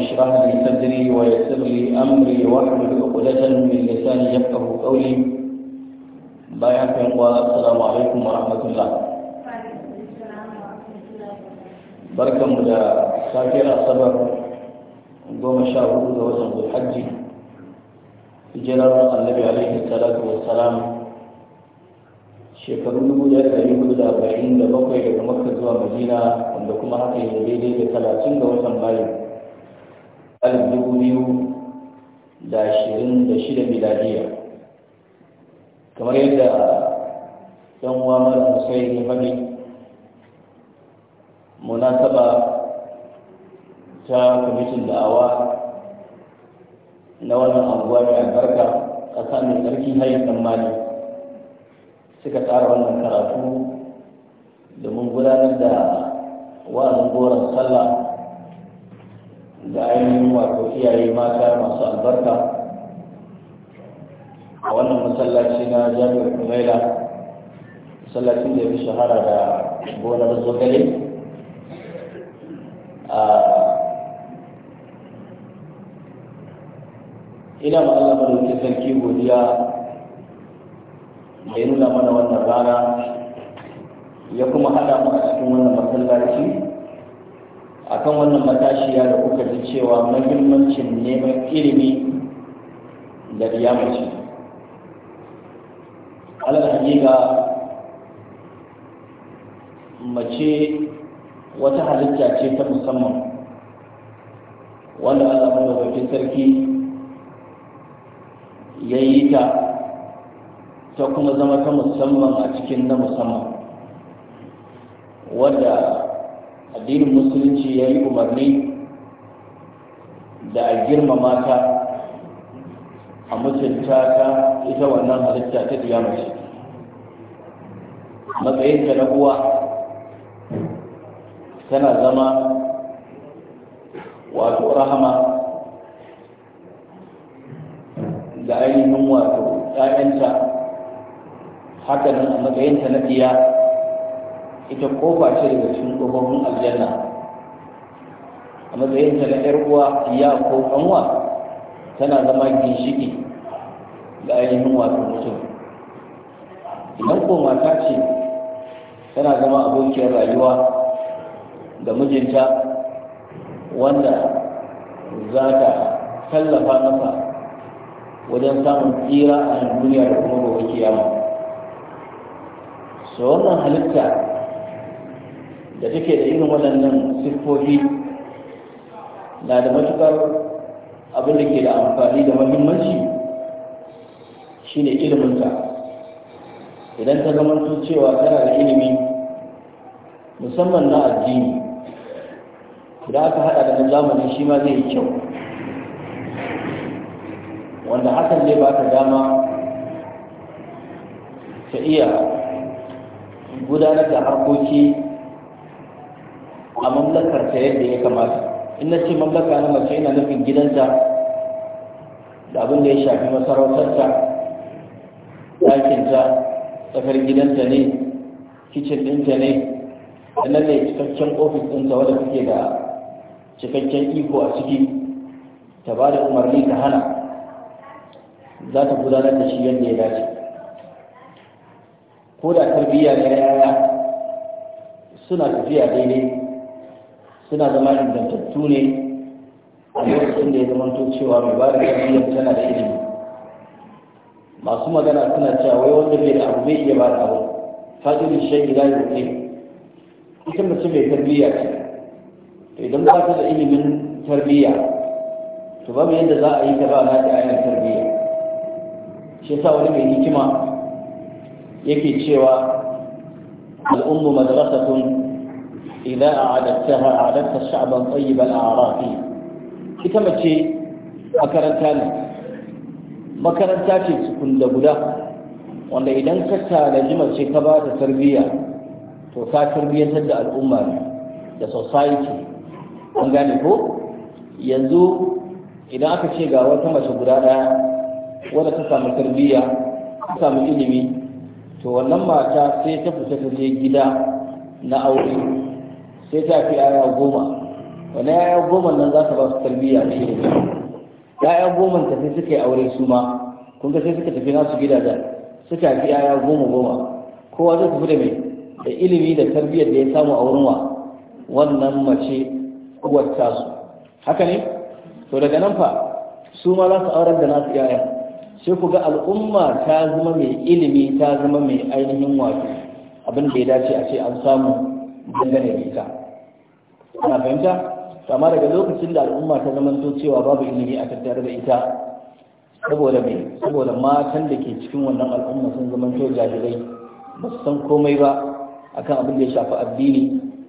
اشرح لي صدري ويسر لي امري واحلل عقدة من لساني يفقه قولي بايعك السلام عليكم ورحمة الله barkan mu da safiyar asabar goma sha hudu ga watan zulhajji hijirar annabi salatu wa shekaru dubu da ɗari hudu da arba'in da bakwai daga makka zuwa madina wanda kuma haka yi daidai da talatin ga watan mayu 2026 biyu da shirin da shida miladiya kamar yadda don wamar mara ne mabi faɗi munasaba ta kwamitin da'awa na wannan anguwa mai albarka ƙasa mai tsarki hayin tsammani suka tsara wannan karatu domin gudanar da wa'azin goron sallah da ainihin wato iyaye mata masu albarka a wannan masallaci na jami'ar kumaila masallacin da ya fi shahara da gonar zogale ina ma Allah wuce sarki godiya da nuna mana wannan rana ya kuma hada mu a cikin wannan masallaci akan wannan matashiya da kuka ji cewa mahimmancin neman ilimi da riyamaci alhaƙiƙa mace wata halitta ce ta musamman wanda allah madaukakin sarki ya yi ta ta kuma zama ta musamman a cikin na musamman wadda addinin musulunci ya yi umarni da a girmama ta a mutunta ta ita wannan halitta ta biya mace matsayinta na uwa tana zama wato rahama da ainihin wato ɗayanta, hakanan a matsayinta na biya ita kofa ce daga cikin kofofin aljanna a matsayin ta na yar uwa ya ko kanwa tana zama ginshiki da ainihin wato mutum idan ko mata ce tana zama abokiyar rayuwa da mijinta wanda za ta tallafa masa wajen samun tsira a duniya da kuma gobe kiyama so wannan halitta da take da irin waɗannan siffofi na da matuƙar abin da ke da amfani da mahimmanci shine iliminta idan ta zamanto cewa tana da ilimi musamman na addini idan aka haɗa da na zamani shi ma zai yi kyau wanda hakan zai ba ta dama ta iya gudanar da harkoki a mamlakar yadda ya kamata in na ce mamlaka na mace yana nufin gidanta da abin da ya shafi masarautarta ɗakinta tsakar gidanta ne kicin ɗinta ne da nan ne cikakken ofis ɗinta wadda kuke da cikakken iko a ciki ta ba da umarni ta hana za ta gudanar da shi yadda ya dace ko da tarbiyya na yaya suna tafiya daidai suna zama ingantattu ne a lokacin da ya zama to cewa mai ba da tarbiyyar tana da ilimi masu magana suna cewa wai wanda bai da abu bai iya ba da abu fadilin shayi da ya ita mace mai tarbiyya ce to idan ba ta da ilimin tarbiyya to babu yadda za a yi ta ba na da ayyukan tarbiyya shi yasa wani mai hikima yake cewa al'ummu madrasatun إذا أعددتها أعددت شعبا طيب الأعراف ita mace makaranta ne makaranta ce sukun da guda wanda idan ka tanaji mace ka ba ta tarbiyya to ka tarbiyyantar da al'umma da society an gane ko yanzu idan aka ce ga wata mace guda ɗaya wanda ta samu tarbiyya ta samu ilimi to wannan mata sai ta fita ta je gida na aure sai ta fi yaya goma wani yaya goma nan za ka ba su tarbiyya da shirin yaya goma ta sai suka yi aure su ma kun ga sai suka tafi nasu gidajen suka fi yaya goma goma kowa zai tafi da mai da ilimi da tarbiyyar da ya samu a wurin wa wannan mace uwar tasu haka ne to daga nan fa su ma za su aurar da nasu yaya sai ku ga al'umma ta zama mai ilimi ta zama mai ainihin wato abin da ya dace a ce an samu dangane da ita ana fahimta amma daga lokacin da al'umma ta zama to cewa babu ilimi a tattare da ita saboda mai saboda matan da ke cikin wannan al'umma sun zama to jahilai ba su san komai ba akan abin da ya shafi addini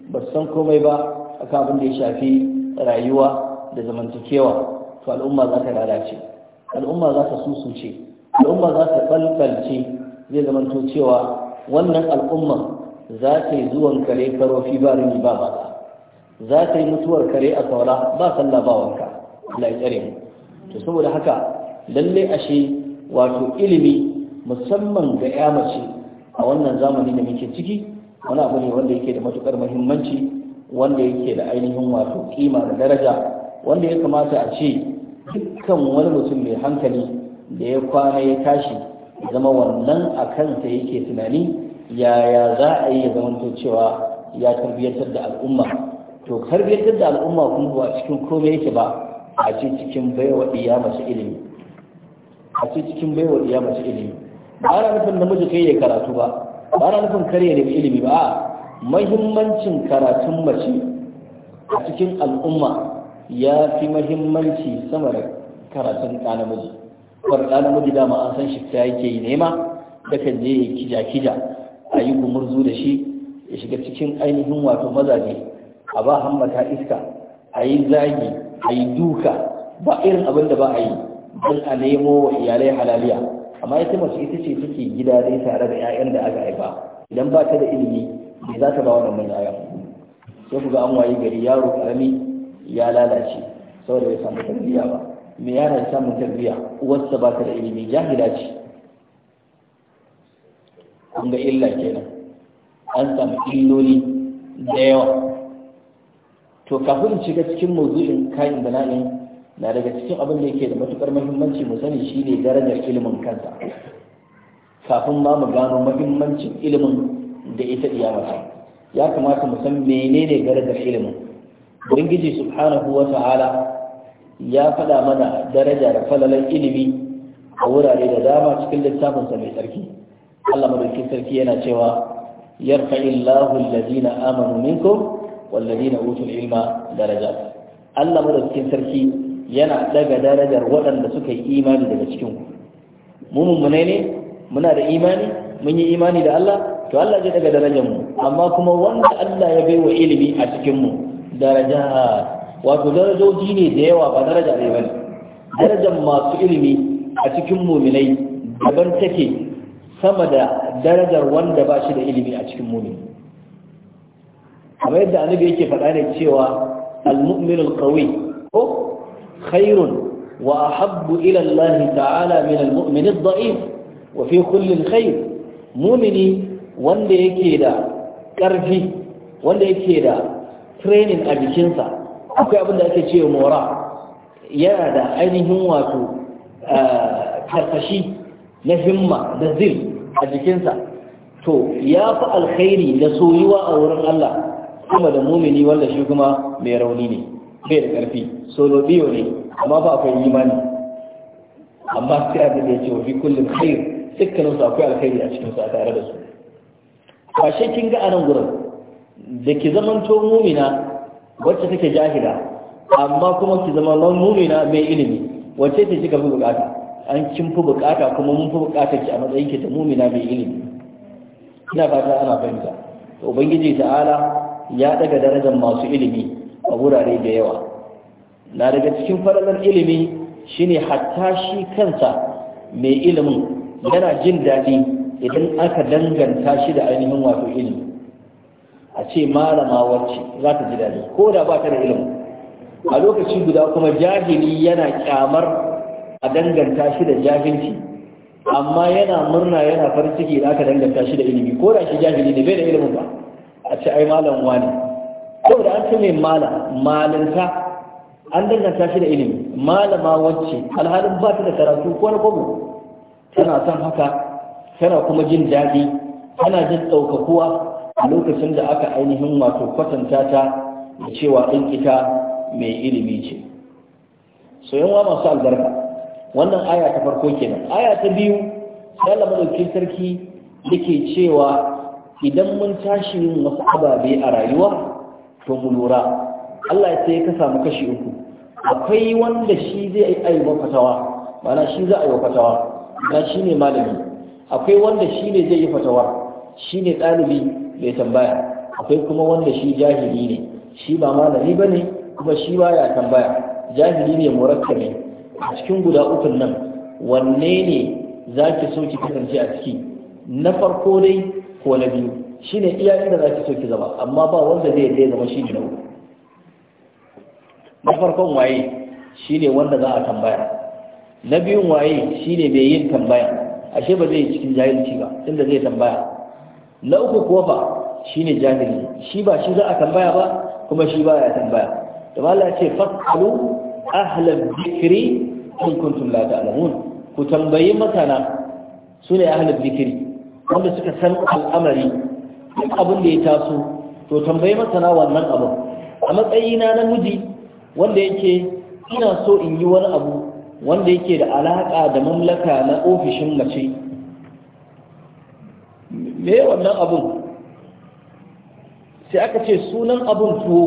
ba su san komai ba akan abin da ya shafi rayuwa da zamantakewa to al'umma za ta lalace al'umma za ta susuce al'umma za ta balbalce zai zama to cewa wannan al'umma za ta yi zuwan kare karofi ba rini ba ba za ta yi mutuwar kare a saura ba sallah ba wanka Allah ya tsare mu to saboda haka lalle ashe wato ilimi musamman ga ya mace a wannan zamani da muke ciki wani abu ne wanda yake da matukar muhimmanci wanda yake da ainihin wato kima da daraja wanda ya kamata a ce dukkan wani mutum mai hankali da ya kwana ya tashi zama wannan a kansa yake tunani yaya za a yi ya zamanto cewa ya tarbiyyantar da al'umma to karbiyatar da al'umma kun ba cikin komai yake ba a ce cikin baiwa iya masu ilimi a ce cikin baiwa iya masu ilimi ba ana nufin namiji kai ya karatu ba ba ana nufin kare nemi ilimi ba mahimmancin karatun mace a cikin al'umma ya fi mahimmanci sama da karatun ɗa namiji kwar ɗa namiji dama an san shi ta yake yi nema da kan je ya kija kija a yi gumurzu da shi ya shiga cikin ainihin wato mazaje a ba hammata iska a yi zagi a yi duka ba irin abin da ba a yi don a nemo wa iyalai halaliya amma ita mace ita ce take gida dai tare da 'ya'yan da aka haifa idan ba ta da ilimi me za ta ba wannan yayan sai ku ga an waye gari yaro karami ya lalace saboda bai samu tarbiyya ba me yana samun tarbiyya uwarsa ba ta da ilimi jahila ce an ga illa kenan an samu illoli da yawa to kafin in shiga cikin mawdu'in kayan bala'in na daga cikin abin da yake da matukar muhimmanci mu sani shine darajar ilimin kansa kafin ma mu gano muhimmancin ilimin da ita mata ya kamata mu san menene darajar ilimin ubangiji subhanahu wa ta'ala ya faɗa mana daraja da falalan ilimi a wurare da dama cikin littafinsa mai tsarki Allah madaukakin sarki yana cewa yarfa'illahu alladhina amanu minkum والذين أوتوا العلم درجات الله مدرسين sarki yana daga darajar waɗanda suka yi imani daga cikin mu mummune ne muna da imani mun yi imani da Allah to Allah zai daga darajar amma kuma wanda Allah ya bai wa ilimi a cikin daraja wato darajoji ne da yawa ba daraja ɗaya bane darajar masu ilimi a cikin muminai daban take sama da darajar wanda ba shi da ilimi a cikin mumini kamar yadda annabi yake faɗa ne cewa al-mu'min al-qawi ko khairun wa ahabbu ila Allah ta'ala min al-mu'min ad-da'if wa fi kulli khair mu'mini wanda yake da ƙarfi wanda yake da training a jikinsa akwai abin da ake cewa mora yana da ainihin wato eh, karfashi na himma da zil a jikinsa to ya fi alkhairi da soyuwa a wurin Allah Kuma da mumini wanda shi kuma mai rauni ne bai da ƙarfi solo biyo ne amma ba akwai imani amma sai abin da ya ce wa fi kullum kai dukkanin su akwai alkhairi a cikin su a tare da su ba shi kin ga anan gurin da ki zamanto mumina wacce take jahila amma kuma ki zama non mumina mai ilimi wacce ce kika fi bukata an kin fi bukata kuma mun fi bukata ki a matsayin ki ta mumina mai ilimi ina fata ana fahimta ubangiji ta'ala ya daga darajar masu ilimi a wurare da yawa na daga cikin falalar ilimi shine hatta shi kansa mai ilimin yana jin daɗi idan aka danganta shi da ainihin wato ilimi a ce malama wacce za ta ji daɗi ko da ba ta da ilimi a lokaci guda kuma jahili yana kyamar a danganta shi da jahilci amma yana murna yana farin ciki da aka danganta shi da ilimi ko da shi jahili ne bai da ilimin ba a ce ai malam wani saboda an ce mai malam malinta an danganta shi da ilimi malama wacce alhalin ba ta da karatu ko na gwamnati tana son haka tana kuma jin daɗi tana jin ɗaukakuwa a lokacin da aka ainihin wato kwatanta ta da cewa ɗin ita mai ilimi ce wa masu albarka wannan aya ta farko kenan aya ta biyu sai da sarki yake cewa idan mun tashi yin wasu ababe a rayuwa to mu lura Allah ya ce ka samu kashi uku akwai wanda shi zai yi ayyukan fatawa mana shi za a yi fatawa na shi ne malami akwai wanda shi ne zai yi fatawa shi ne ɗalibi mai tambaya akwai kuma wanda shi jahili ne shi ba malami ba ne kuma shi ba ya tambaya jahili ne murakkabi a cikin guda ukun nan wanne ne za ki so ki kasance a ciki na farko dai ko na biyu shine iya inda za ki so ki zama amma ba wanda zai zai zama shi na na farkon waye shine wanda za a tambaya na biyun waye shine mai yin tambaya ashe ba zai cikin jahilci ba inda zai tambaya na uku kuwa ba shine jahili shi ba shi za a tambaya ba kuma shi ya tambaya da mala ce fasalu ahlal zikri in kuntum la ta'lamun ku tambayi masana sune ahlal zikri wanda suka san al'amari duk abin da ya taso to tambayi masana wannan abin a matsayina na miji wanda yake ina so in yi wani abu wanda yake da alaƙa da mamlaka na ofishin mace me wannan abun sai aka ce sunan abun tuwo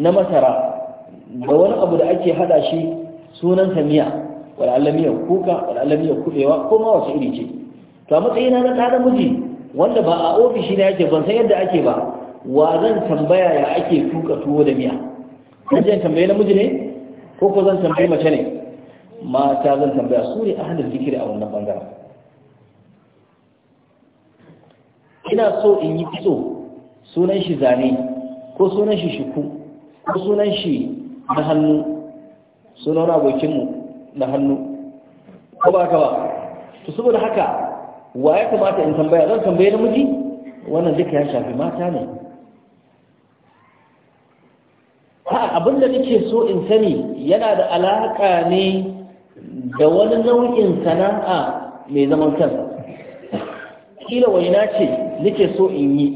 na masara da wani abu da ake hada shi sunan miya wal'alamiyar kuka wal'alamiyar kuɗewa kubewa ko ma wasu iri ce ta matsayina na ɗa namiji wanda ba a ofishi na yake ban san yadda ake ba wa zan tambaya ya ake tuka tuwo da miya zan tambaye namiji ne ko ko zan tambaye mace ne mata zan tambaya su ne ahalin zikiri a wannan bangare ina so in yi fito sunan shi zane ko sunan shi shuku ko sunan shi na hannu sunan abokinmu na hannu ko ba ka ba to saboda haka wa ya kamata in tambaya zan tambaye namiji wannan duka ya shafi mata ne ha abin da nake so in sani yana da alaƙa ne da wani nau'in sana'a mai zaman kansa kila waina ce nake so in yi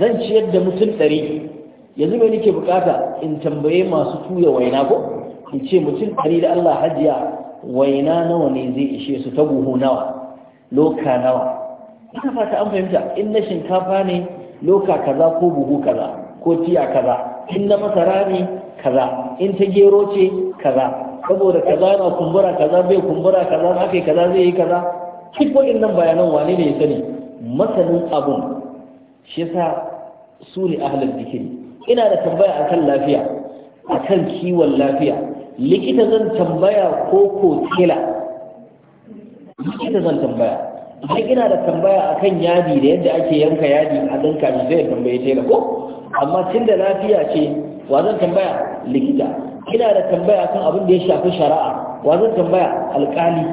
zan ciyar da mutum ɗari yanzu mai nake bukata in tambaye masu tuya waina ko in ce mutum ɗari da Allah hajiya waina nawa ne zai ishe su ta buhu nawa loka nawa ina fata an fahimta in na shinkafa ne loka kaza ko buhu kaza ko tiya kaza in na masara ne kaza in ta gero ce kaza saboda kaza yana kumbura kaza bai kumbura kaza na kai kaza zai yi kaza duk waɗannan bayanan wane ne ya sani masanin abun shi yasa su ne ahlul zikiri ina da tambaya akan lafiya akan kiwon lafiya likita zan tambaya ko ko tela shi da zan tambaya idan ina da tambaya akan yadi da yadda ake yanka yadi a ɗan kaji zai tambaye tela ko amma tun da lafiya ce wa zan tambaya likita ina da tambaya kan abin da ya shafi shari'a wa zan tambaya alƙali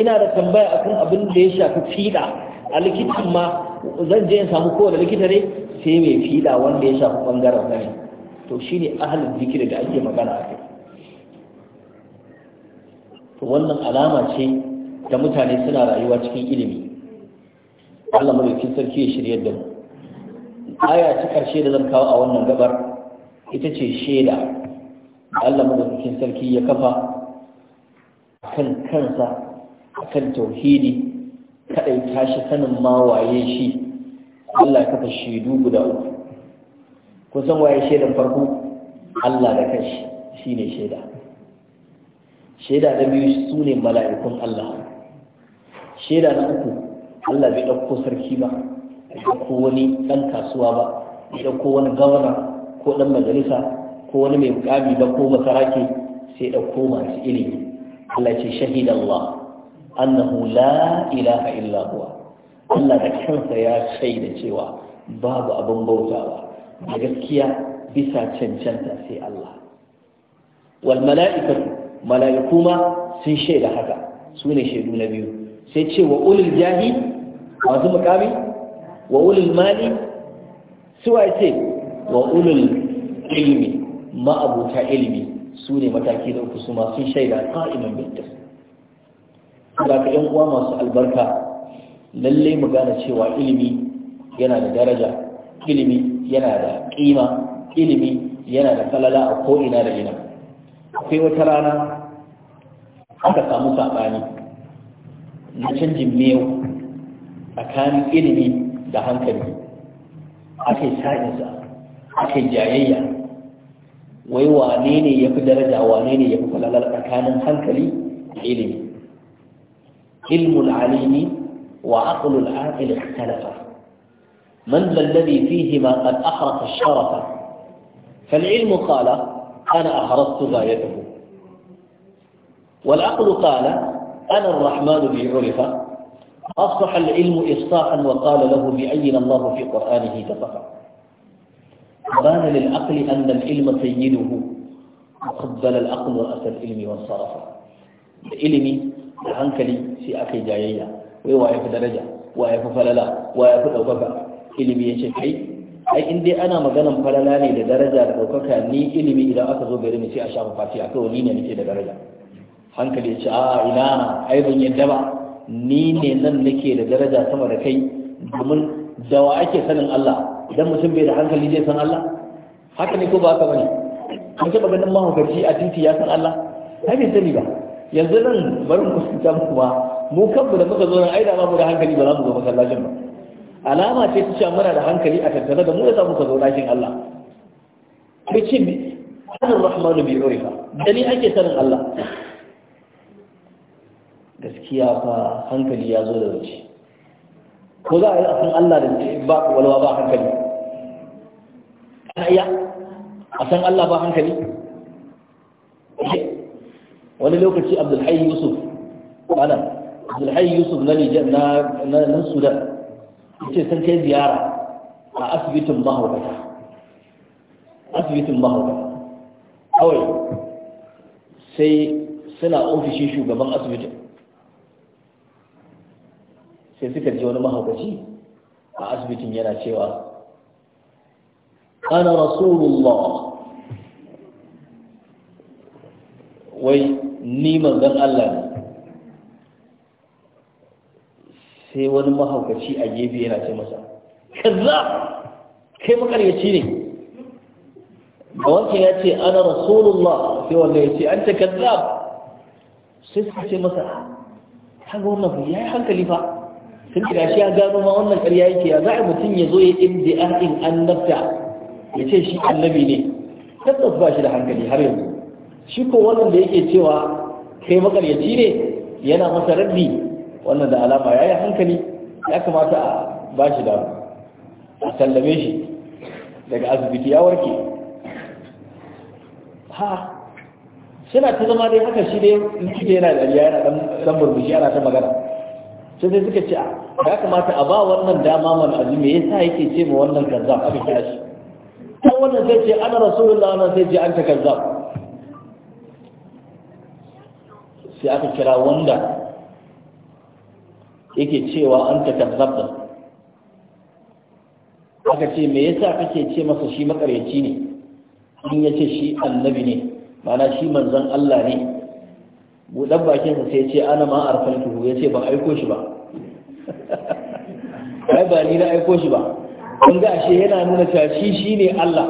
ina da tambaya akan abin da ya shafi fiɗa a likitan ma zan je in samu kowane likita ne sai mai fiɗa wanda ya shafi ɓangaren gani to shine ahalin zikiri da ake magana a kai to wannan alama ce da mutane suna rayuwa cikin ilimi Allah madaukakin sarki ya shirye da mu aya ta karshe da zan kawo a wannan gabar ita ce shaida Allah madaukakin sarki ya kafa kan kansa kan tauhidi kadai tashi sanin ma waye shi Allah ya kafa shaidu guda uku kusan waye shaidan farko Allah da kanshi shine shaida shaida na biyu su ne mala'ikun Allah shaida na uku Allah bai ɗauko sarki ba ko wani ɗan kasuwa ba bai ɗauko wani gawana ko ɗan majalisa ko wani mai mukami ba ko masarake sai ɗauko masu ilimi Allah ce shahida Allah annahu la ilaha illa huwa Allah da kansa ya shaida cewa babu abin bautawa da gaskiya bisa cancanta sai Allah wal mala'ikatu malayiku ma sun shaida haka su ne shaidu na biyu sai ce wa ulul jahi masu mukami wa ulul mali suwa ce wa ulul ilimi, ma'abuta ilimi, su ne mataki da uku su ma sun shaida ka'iman su. da ka yan uwa masu albarka lallai mu gane cewa ilimi yana da daraja ilimi yana da kima ilimi yana da falala a ko'ina da ina akwai wata rana aka samu saɓani na canjin miyau tsakanin ilimi da hankali aka yi sa'insa aka yi jayayya wai wane ne ya fi daraja wane ne ya fi falalar tsakanin hankali da ilimi ilmul alimi wa aqlul aqil ikhtalafa man alladhi fihi ma qad ahraqa ash-sharafa فالعلم قال أنا أخرجت غايته والعقل قال أنا الرحمن بي عرف أصبح العلم إصطاحا وقال له بأين الله في قرآنه تفقه بان للعقل أن العلم سيده وقبل العقل رأس العلم والصرف العلم لي في أخي جايية ويوعي في درجة ويوعي في فللا ويوعي في أوبكة ilimi ya ai in dai ana maganan falala ne da daraja da ɗaukaka ni ilimi idan aka zo gari mu sai a sha fati a kai ni ne nake da daraja hankali ce a ina ai ban yadda ba ni ne nan nake da daraja sama da kai domin dawa ake sanin Allah idan mutum bai da hankali zai san Allah haka ne ko ba haka bane an taɓa ganin mahaukaci a titi ya san Allah ai bai sani ba yanzu nan bari mu muku kuma mu kanmu da muka zo nan ai da ba mu da hankali ba za mu zo masallacin ba alama ce ta cewa muna da hankali a tattare da mu da samu ka zo ɗakin Allah kai ce me hannun rahmanu bi urifa da ni ake sanin Allah gaskiya fa hankali ya zo da wuce ko za a yi asan Allah da ba walwa ba hankali kana iya asan Allah ba hankali eh. wani lokaci abdulhayi yusuf ana abdulhayi yusuf na na sudan ce sun kai ziyara a asibitin mahaukata asibitin mahaukata kawai sai suna ofishin shugaban asibitin sai suka ji wani mahaukaci a asibitin yana cewa ana rasulullah wai ni manzon Allah ne sai wani mahaukaci a gefe yana ce masa kaza kai makaryaci ne da wancan ya ce ana rasulullah sai wanda ya ce an ce kaza sai suka ce masa kaga wannan ya yi hankali fa sun kira shi ya gano ma wannan ƙarya yake ya za a mutum ya zo ya an in annabta ya ce shi annabi ne tabbas ba shi da hankali har yanzu shi ko wannan da yake cewa kai makaryaci ne yana masa rabbi wannan da alama ya yi hankali ya kamata a ba shi damu a sallame shi daga asibiti ya warke ha suna ta zama dai haka shi dai likita yana dariya yana dan murmushi yana ta magana sai dai suka ce ya kamata a ba wannan dama mana azumi sa yake ce ma wannan kazzab aka kira shi kan wannan sai ce ana rasulullah wannan sai ce an ta kazzab sai aka kira wanda yake cewa an ta kazzabta aka ce me yasa kake ce masa shi makaryaci ne in ya ce shi annabi ne mana shi manzan Allah ne buɗan bakinsa sai ce ana ma tuhu ya ce ba aiko shi ba ai ba ni na aiko shi ba kun ga ashe yana nuna cewa shi shi ne Allah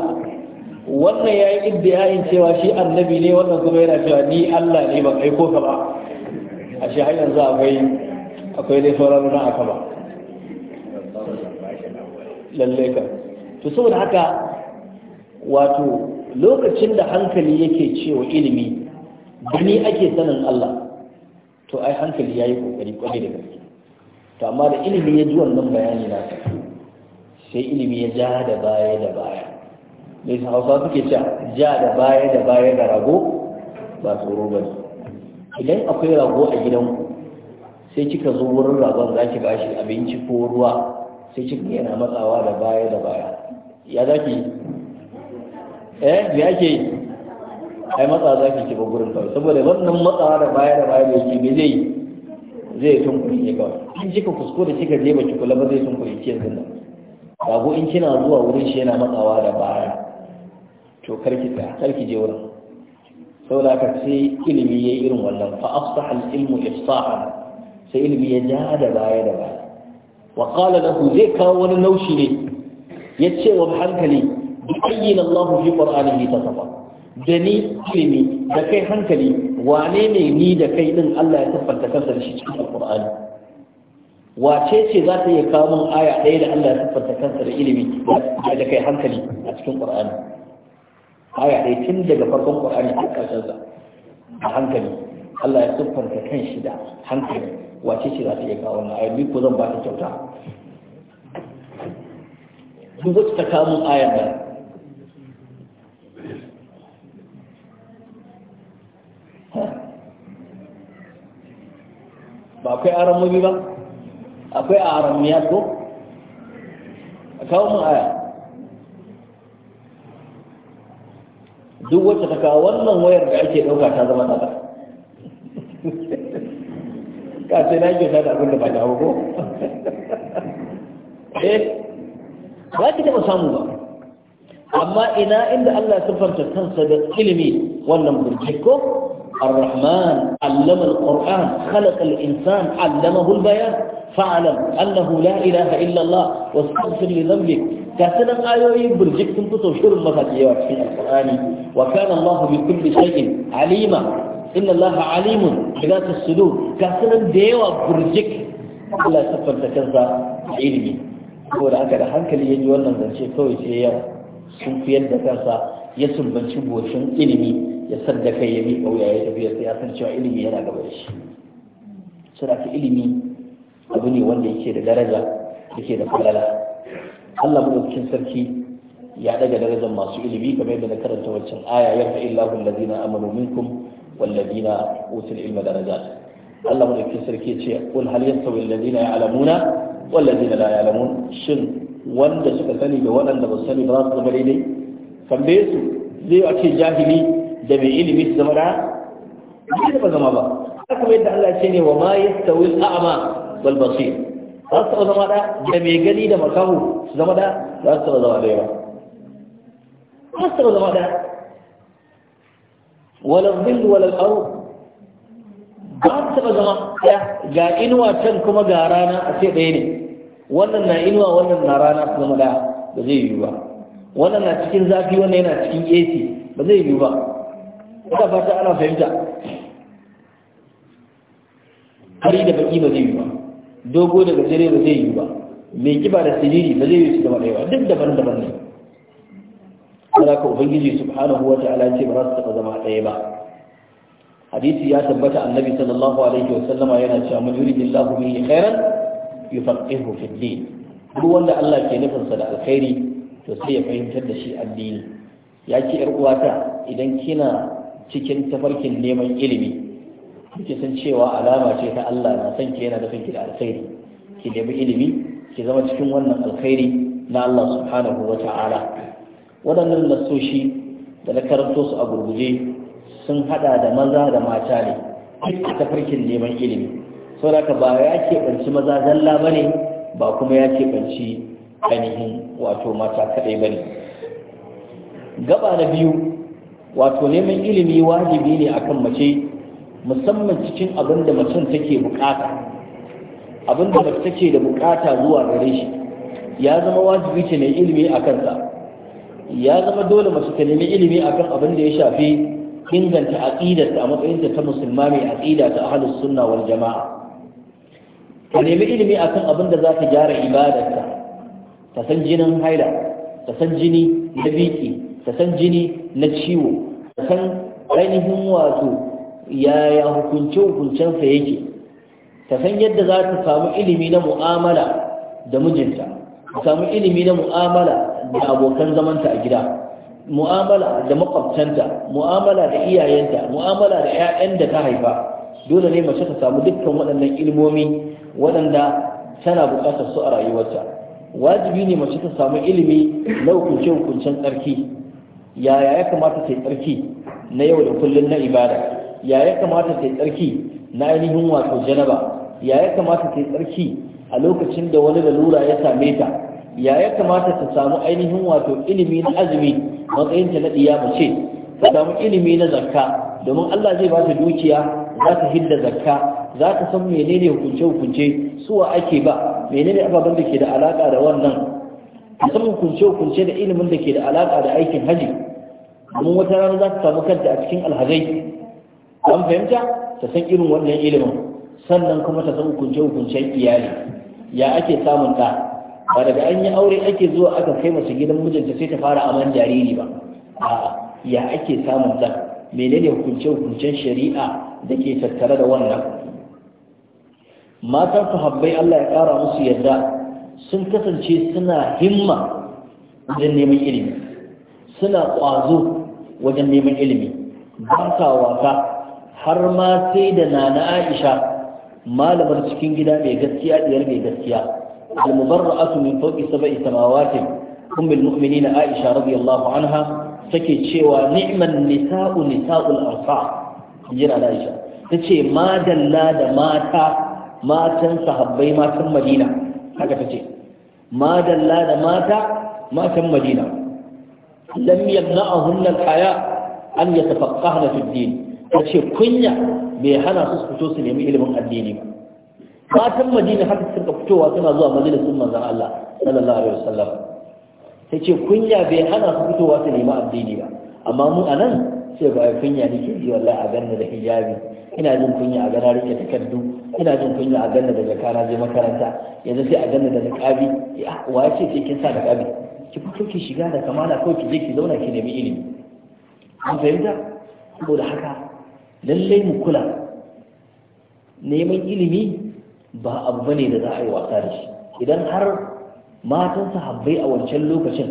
wannan ya yi yayi iddiyayin cewa shi annabi ne wannan kuma yana cewa ni Allah ne ba aiko ka ba ashe har yanzu akwai akwai dai sauran ruwan aka ba lalle ka to saboda haka wato lokacin da hankali yake cewa ilimi gani ake sanin Allah to ai hankali yayi kokari kwarai da gaske to amma da ilimi ya ji wannan bayani na sai ilimi ya ja da baya da baya mai hausa suke cewa ja da baya da baya da rago ba tsoro ba idan akwai rago a gidanku sai kika zo wurin razon za ki ba shi abinci ko ruwa sai kika yana matsawa da baya da baya ya za ki eh me ke yi ai matsa za ki kiba gurin kawai saboda wannan matsawa da baya da baya mai kibe zai zai kuri ne kawai in kika kuskure kika je baki ki kula ba zai tunkuri ce yanzu nan rago in kina zuwa wurin shi yana matsawa da baya to karki ta karki je wurin saboda haka sai ilimi yayi irin wannan fa afsaha al ilmu ifsahan sai ilimi ya ja da baya da baya wa qala lahu zai kawo wani naushi ne ya ce wa hankali bi ayyina Allahu fi qur'anihi tasafa da ni ilimi da kai hankali wane ne ni da kai din Allah ya tabbata kansa da shi cikin qur'ani wace ce za ta iya kawo min aya ɗaya da Allah ya tabbata kansa da ilimi da kai hankali a cikin qur'ani aya ɗaya tun daga farkon qur'ani har ƙarshen sa a hankali Allah ya siffanta kan shi da hankali wace ce za ta iya kawo na ayar ko zan ba ta kyauta duk wacce ta kawo ayar nan ba akwai aramomi ba akwai a aramiya ko a kawo mun aya duk wacce ta kawo wannan wayar da ake ɗauka ta zama tsada ka أي na yake da abin da ba da hawo eh ba ki taɓa samu ba amma ina inda Allah ya الرحمن علم القرآن خلق الإنسان علمه البيان فاعلم أنه لا إله إلا الله واستغفر لذنبك كاتنا آيوي برجكتم تنكتو شر المفاتيح في القرآن وكان الله بكل شيء عليما inna allaha alimun bi zati sudur ga sunan da yawa burjik Allah ya tabbata kansa a ilimi saboda haka da hankali ya ji wannan zance kawai sai ya sun fi yadda kansa ya sumbanci goshin ilimi ya san da kai ya miƙa wuya ya tafiya sai ya san cewa ilimi yana gaba da shi saboda ilimi abu ne wanda yake da daraja yake da falala Allah madaukakin sarki ya daga darajar masu ilimi kamar yadda na karanta waccan aya yarfa illahu allazina amanu minkum والذين أوتوا العلم درجات الله من يكسر كيتشي قل هل يستوي الذين يعلمون والذين لا يعلمون شن wanda suka sani da waɗanda ba sani ba za su zama daidai tambaye su zai ake jahili da mai ilimi su zama da ba ba zama ba haka mai da Allah ce ne wa ma yastawi al'ama wal su zama da da gani da makahu su zama da su zama da yawa su zama da wala dhil wala al-ard ba ta zama ɗaya. ga inuwa can kuma ga rana a ce ɗaya ne wannan na inuwa wannan na rana su zama ɗaya. ba zai yiwu ba wannan na cikin zafi wannan yana cikin AC ba zai yiwu ba ta fata ana fahimta hari da baki ba zai yiwu ba dogo da gajere ba zai yiwu ba mai kiba da siriri ba zai yiwu su zama ɗaya ba duk daban-daban ne saboda ka ubangiji subhanahu wa ta'ala ce ba za su taɓa zama ɗaya ba hadisi ya tabbata annabi sallallahu alaihi wa sallama yana cewa man yuridillahu bihi khairan yufaqihu fid din duk wanda Allah ke nufin sa da alkhairi to sai ya fahimtar da shi addini ya ce yar uwata idan kina cikin tafarkin neman ilimi kike san cewa alama ce ta Allah na san ki yana nufin ki da alkhairi ki nemi ilimi ki zama cikin wannan alkhairi na Allah subhanahu wa ta'ala waɗannan nasoshi da na karanto su a gurguje sun haɗa da maza da mata ne a tafarkin neman ilimi sau da ba ya keɓanci maza zalla ba ne ba kuma ya keɓanci ainihin wato mata kaɗai ba ne gaba na biyu wato neman ilimi wajibi ne akan mace musamman cikin abin da mace take bukata abin da mace take da bukata zuwa gare shi ya zama wajibi ce mai ilimi a kansa ya zama dole masu ta nemi ilimi akan abin da ya shafi inganta aqidarta a matsayinta ta musulma mai aqida ta ahlus sunna wal jama'a Ka nemi ilimi akan abin da za ta gyara ibadarta ta san jinin haila ta san jini na biki ta san jini na ciwo ta san ainihin wato yaya hukunce hukuncensa yake ta san yadda za ta samu ilimi na mu'amala da mijinta ta samu ilimi na mu'amala da abokan zamanta a gida mu'amala da makwabtanta mu'amala da iyayenta mu'amala da 'ya'yan da ta haifa dole ne mace ta samu dukkan waɗannan ilmomi waɗanda tana buƙatar su a rayuwarta wajibi ne mace ta samu ilimi na hukunce hukuncen tsarki yaya ya kamata ta yi tsarki na yau da kullum na ibada ya ya kamata ta yi tsarki na ainihin wato janaba ya ya kamata ta yi tsarki a lokacin da wani lalura ya same ta ya ya kamata ta samu ainihin wato ilimi na azumi matsayin ta na ɗiya mace ta samu ilimi na zakka domin Allah zai ba ta dukiya za ta hidda zakka za ta san menene hukunce hukunce suwa ake ba menene ababen da ke da alaka da wannan musamman hukunce hukunce da ilimin da ke da alaka da aikin haji domin wata rana za ta samu kanta a cikin alhazai an fahimta ta san irin wannan ilimin sannan kuma ta san hukunce hukuncen iyali ya ake samun ta ba daga an yi aure ake zuwa aka kai mace gidan mijinta sai ta fara aman jariri ba a ya ake samun ta menene hukunce-hukuncen shari'a da ke tattare da wannan matan sahabbai Allah ya ƙara musu yadda sun kasance suna himma wajen neman ilimi suna ƙwazo wajen neman ilimi ba sa wasa har ma sai da na Aisha malamar cikin gida mai gaskiya ɗiyar mai gaskiya المبرأة من فوق سبع سماوات أم المؤمنين عائشة رضي الله عنها take cewa ni'man nisa'u nisa'ul arsa jira da Aisha tace ma dalla da mata matan sahabbai matan Madina haka tace ma dalla da mata matan Madina lam yamna'ahunna al-haya an yatafaqqahna fi ad-din tace kunya bai hana su fito su nemi ilimin addini ba matan madina haka suka fitowa suna zuwa majalisun manzan Allah sallallahu alaihi wasallam sai ce kunya bai hana su fitowa su nemi addini ba amma mu nan, sai ba kunya nake ji wallahi a ganna da hijabi ina jin kunya a gana rike takardu ina jin kunya a ganna da jakara je makaranta yanzu sai a ganna da niqabi wa ya ce sai kin sa niqabi ki fito ki shiga da kamala ko ki je ki zauna ki nemi ilimi an fahimta saboda haka lallai mu kula neman ilimi ba abu bane da za a yi wasa da shi idan har matan sahabbai a wancan lokacin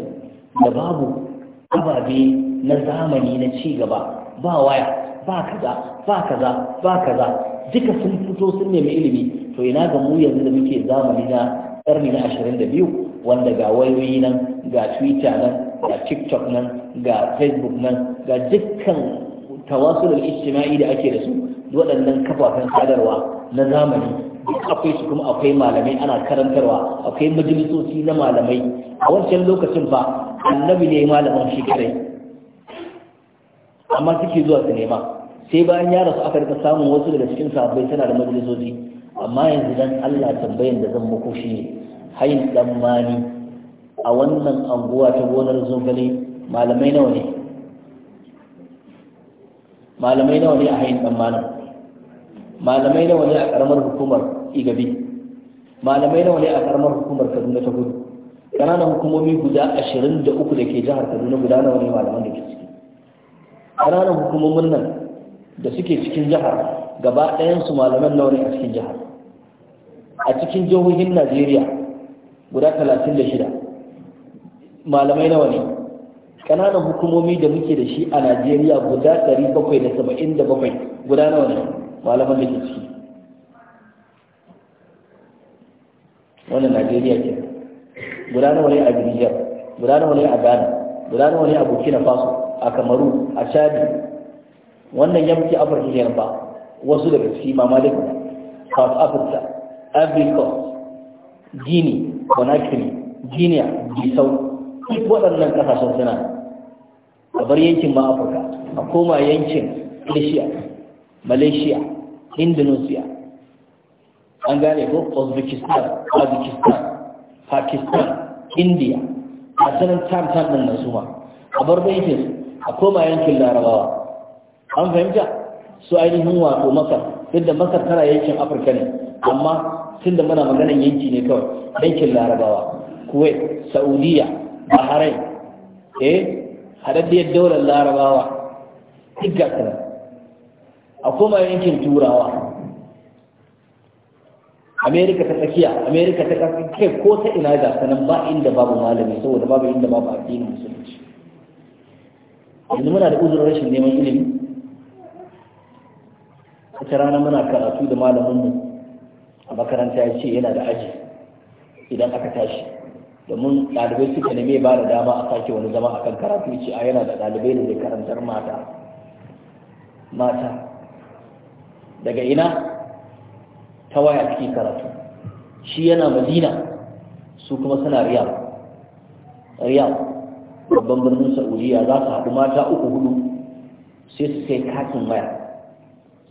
da babu ababe na zamani na ci gaba ba waya ba kaza ba kaza ba kaza duka sun fito sun nemi ilimi to ina ga mu yanzu da muke zamani na karni na 22 wanda ga wayoyi nan ga twitter nan ga tiktok nan ga facebook nan ga dukkan tawasulul ijtima'i da ake da su waɗannan kafafen sadarwa na zamani duk akwai su kuma akwai malamai ana karantarwa akwai majalisoci na malamai a wancan lokacin ba annabi ne malamin shi kare amma suke zuwa su nema sai bayan ya rasu aka rika samun wasu daga cikin sahabbai tana da majalisoci amma yanzu dan Allah tambayan da zan muku shi ne hayin dan mani a wannan anguwa ta gonar zogale malamai nawa ne malamai nawa ne a hayin dan mani? malamai nawa ne a karamar hukumar igabi malamai nawa ne a karamar hukumar kaduna ta kudu ƙananan hukumomi guda ashirin da uku da ke jihar kaduna guda nawa ne malaman da ke ciki ƙananan hukumomin nan da suke cikin jihar gaba ɗayansu malaman nawa ne a cikin jihar a cikin jihohin najeriya guda talatin da shida malamai nawa ne ƙananan hukumomi da muke da shi a najeriya guda ɗari bakwai da saba'in da bakwai guda nawa ne malaman da ke ciki wannan najeriya ke guda nawa ne a niger guda nawa ne a ghana guda nawa ne a burkina faso a kamaru a chadi wannan yanki afirka kenan ba wasu daga ciki ma malik south africa africa guinea conakry guinea gisau, duk waɗannan ƙasashen suna bar yankin ma afirka a koma yankin asia malaysia indonesia an gane ko uzbekistan pakistan pakistan india a sanar tam ɗin na suma a bar baitin a koma yankin larabawa an fahimta su ainihin wato masar duk da masar tana yankin afirka ne amma tun da muna maganin yanki ne kawai yankin larabawa kuwait saudiya bahrain eh haɗaɗɗiyar daular larabawa duk gasar a koma yankin turawa amerika ta tsakiya amerika ta kai ko ta ina ga sanan ba inda babu malami saboda babu inda babu addini musulunci yanzu muna da uzurin rashin neman ilimi wata rana muna karatu da malaminmu a makaranta ya ce yana da aji idan aka tashi domin ɗalibai suka neme ba da dama a sake wani zama akan karatu ce a yana da ɗalibai da zai karantar mata mata daga ina ta waya suke karatu shi yana madina su kuma suna riyal riyal babban birnin saudiya za su haɗu mata uku hudu sai su sai katin waya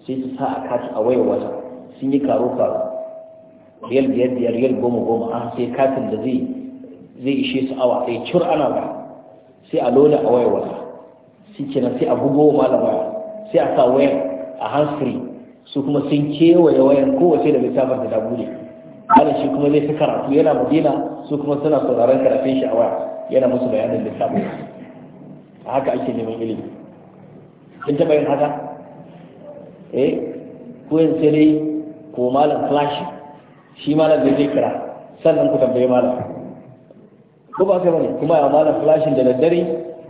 sai su sa a katin a waya wata sun yi karo karo riyal biyar biyar riyal goma goma an sai katin da zai zai ishe su awa sai cur ana ba sai a lola a waya wata shi kenan sai a bugo malama sai a sa waya a hands free su kuma sun kewaye wayan kowace da littafin da dabu ne ana shi kuma zai fi karatu yana madina su kuma suna sauraron karatun shi a waya yana musu bayanin littafin a haka ake neman ilimi kin taɓa yin haka eh ko yin sai dai ko malam flash shi malam zai zai kira sannan ku tambaye malam ko ba sai bane kuma ya malam flashin da daddare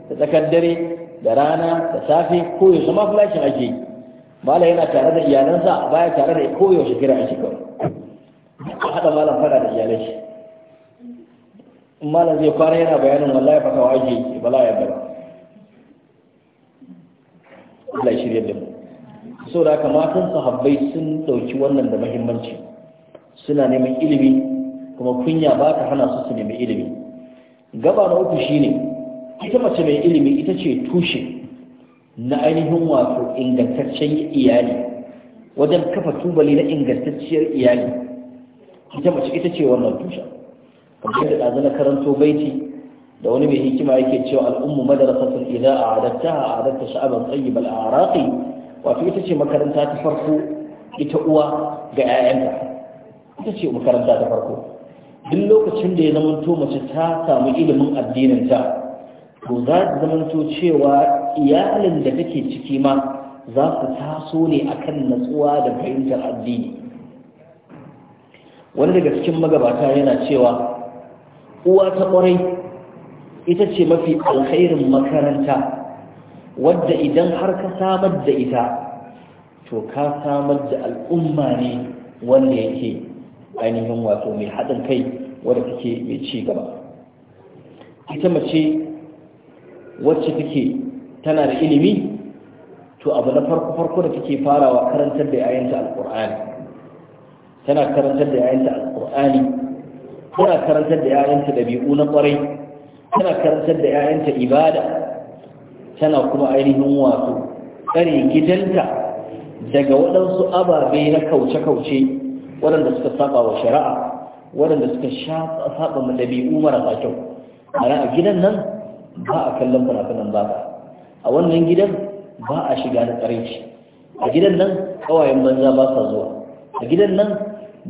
da tsakar dare da rana da safe ko yanzu ma flashin ake yi mala yana tare da iyalansa baya tare da koyaushe kira a cikin a haɗa malam fada da iyalai shi malam zai kwana yana bayanin wallahi fata wa bala ya bara Allah ya shirya da so da haka matan sahabbai sun ɗauki wannan da mahimmanci. suna neman ilimi kuma kunya ba ta hana su su nemi ilimi gaba na uku shine ita mace mai ilimi ita ce tushe na ainihin wato ingantaccen iyali wajen kafa tubali na ingantacciyar iyali ita mace ita ce wannan tushen kamar da ɗazu na karanto baiti da wani mai hikima yake cewa al'ummu a idza a'adatta a'adatta sha'aban tayyibal araqi wato ita ce makaranta ta farko ita uwa ga 'ya'yanta ita ce makaranta ta farko duk lokacin da ya zamanto mace ta samu ilimin addinin ta to za ta zamanto cewa iyalin da kake ciki ma za su taso ne akan natsuwa da fahimtar addini wani daga cikin magabata yana cewa uwa ta kwarai ita ce mafi alkhairin makaranta wadda idan har ka samar da ita to ka samar da al'umma ne wanda yake ainihin wato mai haɗin kai wadda take mai ci gaba ita mace wacce take tana da ilimi to abu na farko farko da take farawa karantar da yayanta alqur'ani tana karantar da yayanta alqur'ani tana karantar da yayanta dabi'u na kwarai tana karantar da yayanta ibada tana kuma ainihin wato tsare gidanta daga waɗansu ababe na kauce-kauce waɗanda suka saba wa shari'a waɗanda suka saba ma ɗabi'u marasa kyau ana a gidan nan ba a kallon fina-finan ba a wannan gidan ba a shiga da karanci a gidan nan kawayen banza ba sa zuwa a gidan nan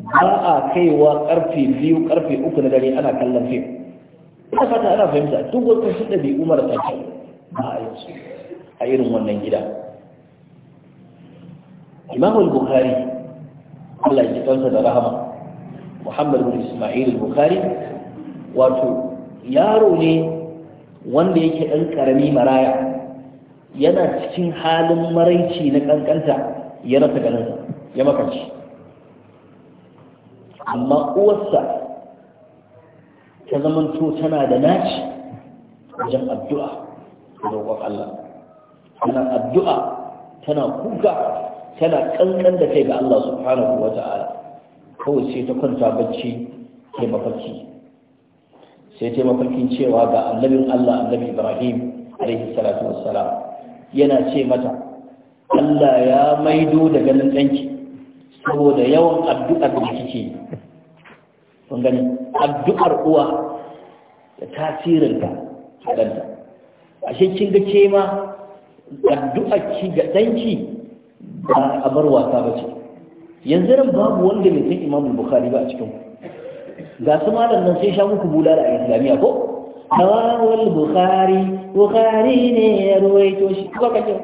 ba a kaiwa karfe biyu karfe uku na dare ana kallon fim ina fata ana fahimta duk wata shi ɗabi'u mara kyau ba a yi a irin wannan gida imam bukhari Allah ya kansa da rahama Muhammad bin Isma'il bukhari wato yaro ne wanda yake ɗan ƙarami maraya yana cikin halin maraici na ƙanƙanta ya rasa ganinsa ya makarci amma uwarsa ta zamanto tana da naci wajen addu'a da roƙon Allah tana addu'a tana kuka tana ƙanƙan da kai ga Allah subhanahu wa ta'ala kawai sai ta kwanta bacci ke sai ta cewa ga annabin Allah annabi Ibrahim alaihi salatu wassalam yana ce mata Allah ya maido da ganin ɗanki saboda yawan addu'ar da kike kun gani addu'ar uwa da tasirin ta ɗanta. ashe kin ga ce ma addu'ar ki ga ɗanki? ba a bar wasa ba ce yanzu ran babu wanda bai san Imam Bukhari ba a cikin ga su nan sai sha muku bulala a Islamiyya ko rawahul bukhari bukhari ne ya ruwaito shi ko kace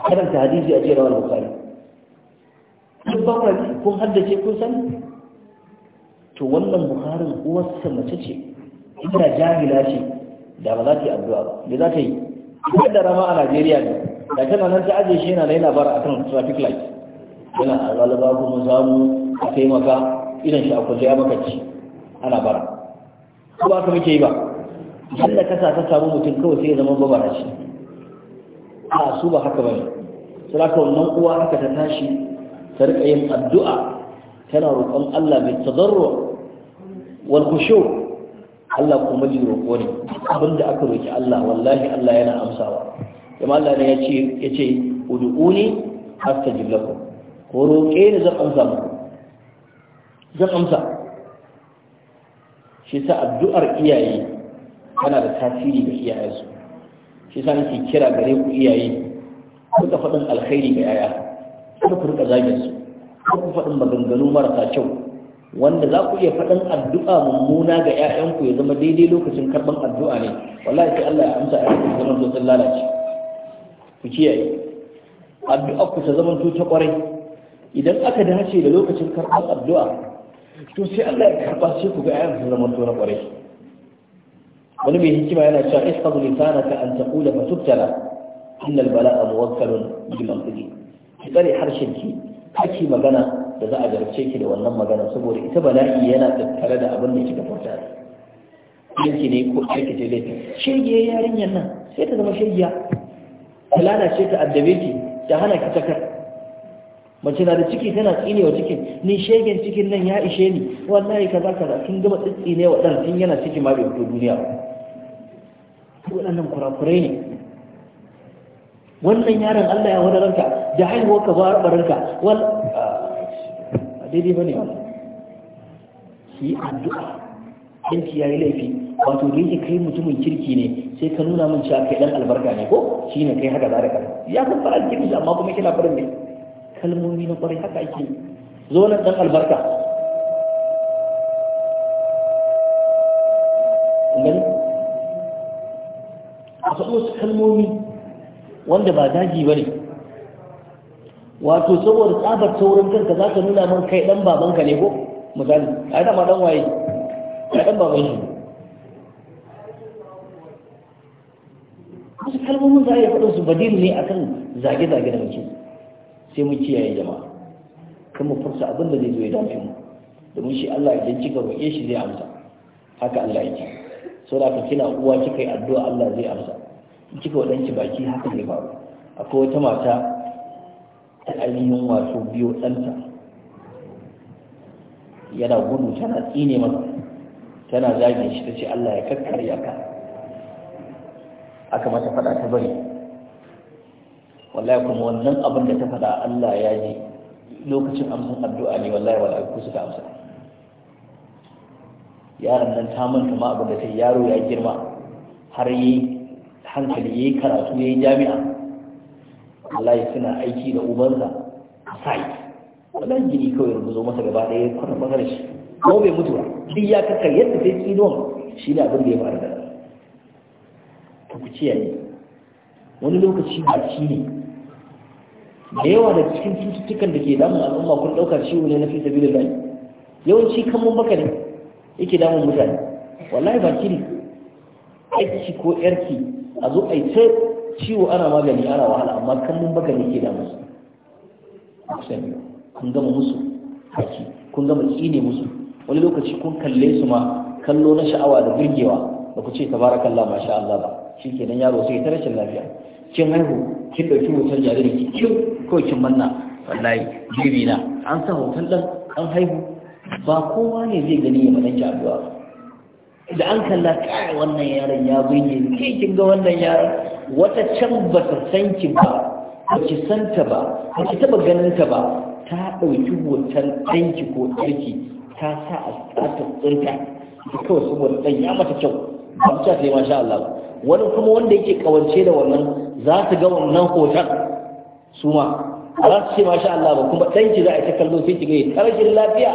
karanta hadisi a ce rawahul bukhari Kun ba kun haddace kun san, to wannan buharin uwarsa mace ce ina jahila ce da ba za ta yi addu'a ba me za ta yi da rama a Najeriya ne da kana nan ta ajiye shi yana da yana bara kan traffic light yana a galiba kuma zamu a taimaka idan shi a kwaje ya makaci ana bara ko ba ka muke yi ba idan da kasa ta samu mutum kawai sai ya zama babarashi a su ba haka ba ne saraka wannan uwa haka ta tashi ta riƙa yin addu'a tana roƙon Allah mai tadarru wal khushu Allah kuma ji roƙo ne abinda aka roƙi Allah wallahi Allah yana amsawa kuma Allah ne ya ce, ud'uni astajib lakum ko roƙe ni zan amsa muku zan amsa shi sa addu'ar iyaye tana da tasiri ga su. shi sa nake kira gare ku iyaye ku rika faɗin alkhairi ga yaya kada ku rika zagin su kada ku faɗin maganganu marasa kyau wanda za ku iya faɗin addu'a mummuna ga 'ya'yanku ya zama daidai lokacin karɓar addu'a ne wallahi sai Allah ya amsa a cikin zaman to lalace ku kiyaye addu'a ku ta zaman ta kwarai idan aka dace da lokacin karɓar addu'a to sai Allah ya karba sai ku ga ayan zama to na kwarai wani mai hikima yana cewa ihfaz lisanaka an taqula fa tubtala innal bala'a muwakkalun bi mantiqi tsare harshen ki kake magana da za a garce ki da wannan magana saboda ita bala'i yana tattare da abin da kika furta yanki ne ko aiki ce laifi shege yarinyar nan sai ta zama shegiya ta lalace ta addabe ki ta hana ki takar mace na da ciki tana tsine wa cikin ni shegen cikin nan ya ishe ni wallahi ka ka da, kin gama tsine wa dan tun yana ciki ma bai fito duniya ba waɗannan kurakurai ne wannan yaron Allah ya wada ranka da haihuwa ka ba ranka wal daidai bane ba ki addu'a yanki yayi laifi wato da yake kai mutumin kirki ne sai ka nuna min cewa kai dan albarka ne ko shine kai haka za da kai ya san fara kirki amma kuma kina farin ne kalmomi na kwarai haka ake zo nan dan albarka gani a faɗi wasu kalmomi wanda ba daji ba ne wato saboda tsabar taurin kanka za ka nuna man kai ɗan babanka ne ko misali a yi ma ɗan waye a ɗan baban shi wasu kalmomin za a yi faɗin su badil ne akan zage-zage da mace sai mun kiyaye jama'a kan mu fursa abin da zai zo ya dace mu domin shi Allah idan kika roƙe shi zai amsa haka Allah yake so da ka kina uwa kika yi addu'a Allah zai amsa In kika wadanki baki haka ne faru akwai wata mata ta ainihin wato biyo ɗanta yana gudu tana tsine masa tana zagin shi ta ce Allah ya kakkarya ka aka mata faɗa ta bari wallahi kuma wannan abin da ta faɗa Allah ya ji lokacin amsan addu'a ne wallahi ku suka amsa Yaran nan ta manta ma abin da ta yaro ya girma har yi hankali yayi karatu yayi jami'a wallahi suna aiki da ubansa a sai wallahi gini kawai rubuzo masa gaba ɗaya kwanan magana shi ko bai mutu ba duk ya kaka yadda ta yi shi ne abin da ya fara da ku ne. wani lokaci ba shi ne da yawa da cikin cututtukan da ke damun al'umma kun ɗauka ciwo ne na fi sabi da yawanci mun baka ne yake damun mutane wallahi ba kiri aiki ko yarki a zo a yi ta ciwo ana magani ana wahala amma mun baka ne ke damun su Kusan kun gama musu haki kun gama tsine musu wani lokaci kun kalle su ma kallo na sha'awa da birgewa Da ku ce tabarakallah masha Allah ba kenan yaro sai ta rashin lafiya kin haihu kin ɗauki hoton jaririn ki kin kawai kin manna wallahi bibi na an sa hoton dan an haihu ba kowa ne zai gani ya madanci addu'a da an kalla kai wannan yaron ya burge ke kin ga wannan yaron wata can ba ta san ki ba ba ki san ta ba ba ki taba ganin ta ba ta dauki hoton ki ko tsarki ta sa a tsata tsirka kawai saboda dan ya mata kyau ba ta sai masha Allah wani kuma wanda yake kawance da wannan za su ga wannan hoton suma a ba za su ce masha Allah ba kuma ɗan ki za a ta kallo sai ki gani ƙarshen lafiya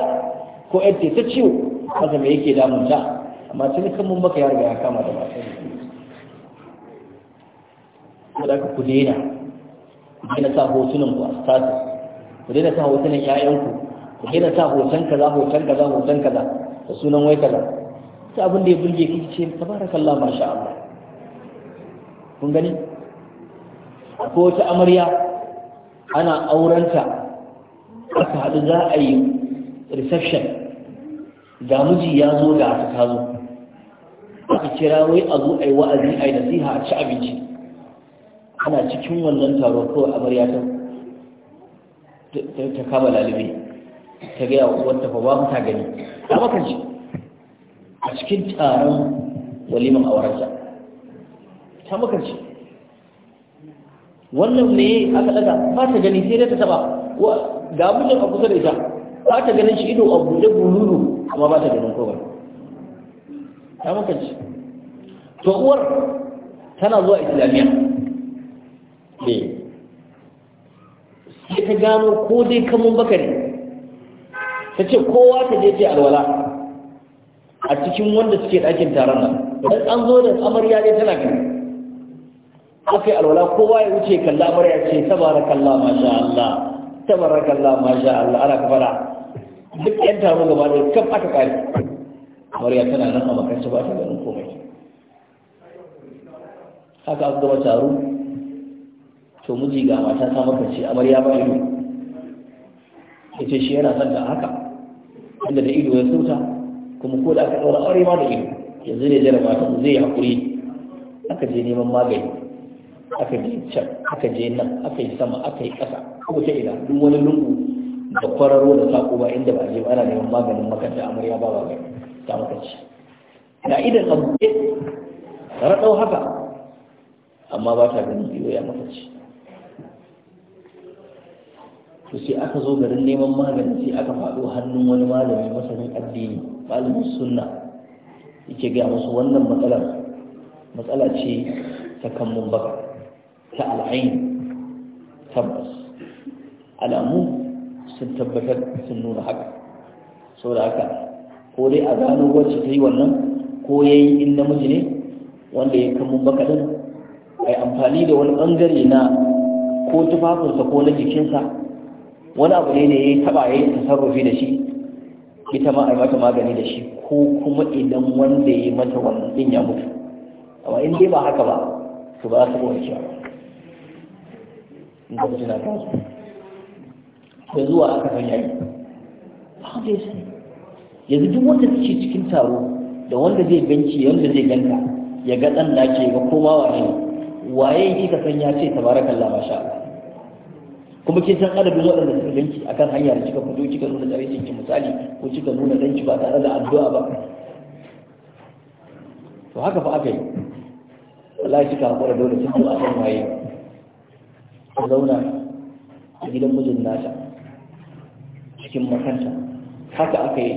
ko ƴan ta ciwo haka me yake damun ta amma tun kan mun maka ya ya kama da matan ku da ku daina ku daina sa hotunan ku a status ku daina sa hotunan ƴaƴanku ku daina sa hoton kaza hoton kaza hoton kaza da sunan wai kaza ta abin da ya burge ki ce tabarakallah masha Allah kun gani ko ta amarya ana aurenta aka haɗu za a yi reception ga miji ya zo da aka ta zo aka kira wai a zo a yi wa'azi a yi nasiha a ci abinci ana cikin wannan taro kawai amarya ta kama lalibai ta gaya wa fa ba mu ta gani a makarci a cikin taron a wararsa ta makarci wannan ne aka daga ba ta gani sai dai ta taba ga mutum a kusa da ita ba ta ganin shi ido a buɗe bululu amma ba ta ganin kowai ta makanci to uwar tana zuwa islamiyya ne sai ta gano ko dai kamun bakari ta ce kowa ta je ce alwala a cikin wanda suke ɗakin taron nan don an zo da amarya ne tana gani aka yi alwala kowa ya wuce kalla mara ya ce tabarakallah masha Allah tabarakallah masha Allah ana ka duk yan taro gaba da kan aka kare mariya tana nan a makarci ba ta ganin komai haka aka gama taro to miji ga mata ta makarci amarya ba ido ya ce shi yana son da haka inda da ido ya sauta kuma ko da aka daura aure ma da ido yanzu ne jarabata zai haƙuri aka je neman magani aka je can aka je nan aka yi sama aka yi ƙasa ko ta ina duk wani lungu da kwararo da sako ba inda ba je ba ana neman maganin makanta amarya ba ba ba ta makanci Na idan abu ɗe eh, raɗau haka amma ba ta ganin biyo ya makanci to sai aka zo garin neman magani sai aka faɗo hannun wani malami masanin addini malamin sunna yake gaya musu wannan matsalar matsala ce ta kan mun baka ta al'ain tabbas alamu sun tabbatar sun nuna haka da haka ko dai a gano wacce ta yi wannan ko ya yi in namiji ne wanda ya kamun bakaɗin a yi amfani da wani ɓangare na ko tufafinsa ko na jikinsa wani abu ne da ya taɓa ya yi tasarrufi da shi ita ma a yi mata magani da shi ko kuma idan wanda ya yi mata wannan ɗin ya mutu amma in dai ba haka ba to ba za su kowace ba in ka da zuwa aka san ba ya sani yanzu duk wanda take cikin taro da wanda zai ganci wanda zai ganta ya ga dan da ke ga kowa waye waye kika san ya ce tabarakallah masha Allah kuma ke san adadin waɗanda suka ganci akan hanya da kika fito kika nuna tsaricin ki misali ko kika nuna danci ba tare da addu'a ba to haka fa aka yi wallahi kika hakura dole sun zo a san waye ta zauna a gidan mijin nata cikin makanta haka aka yi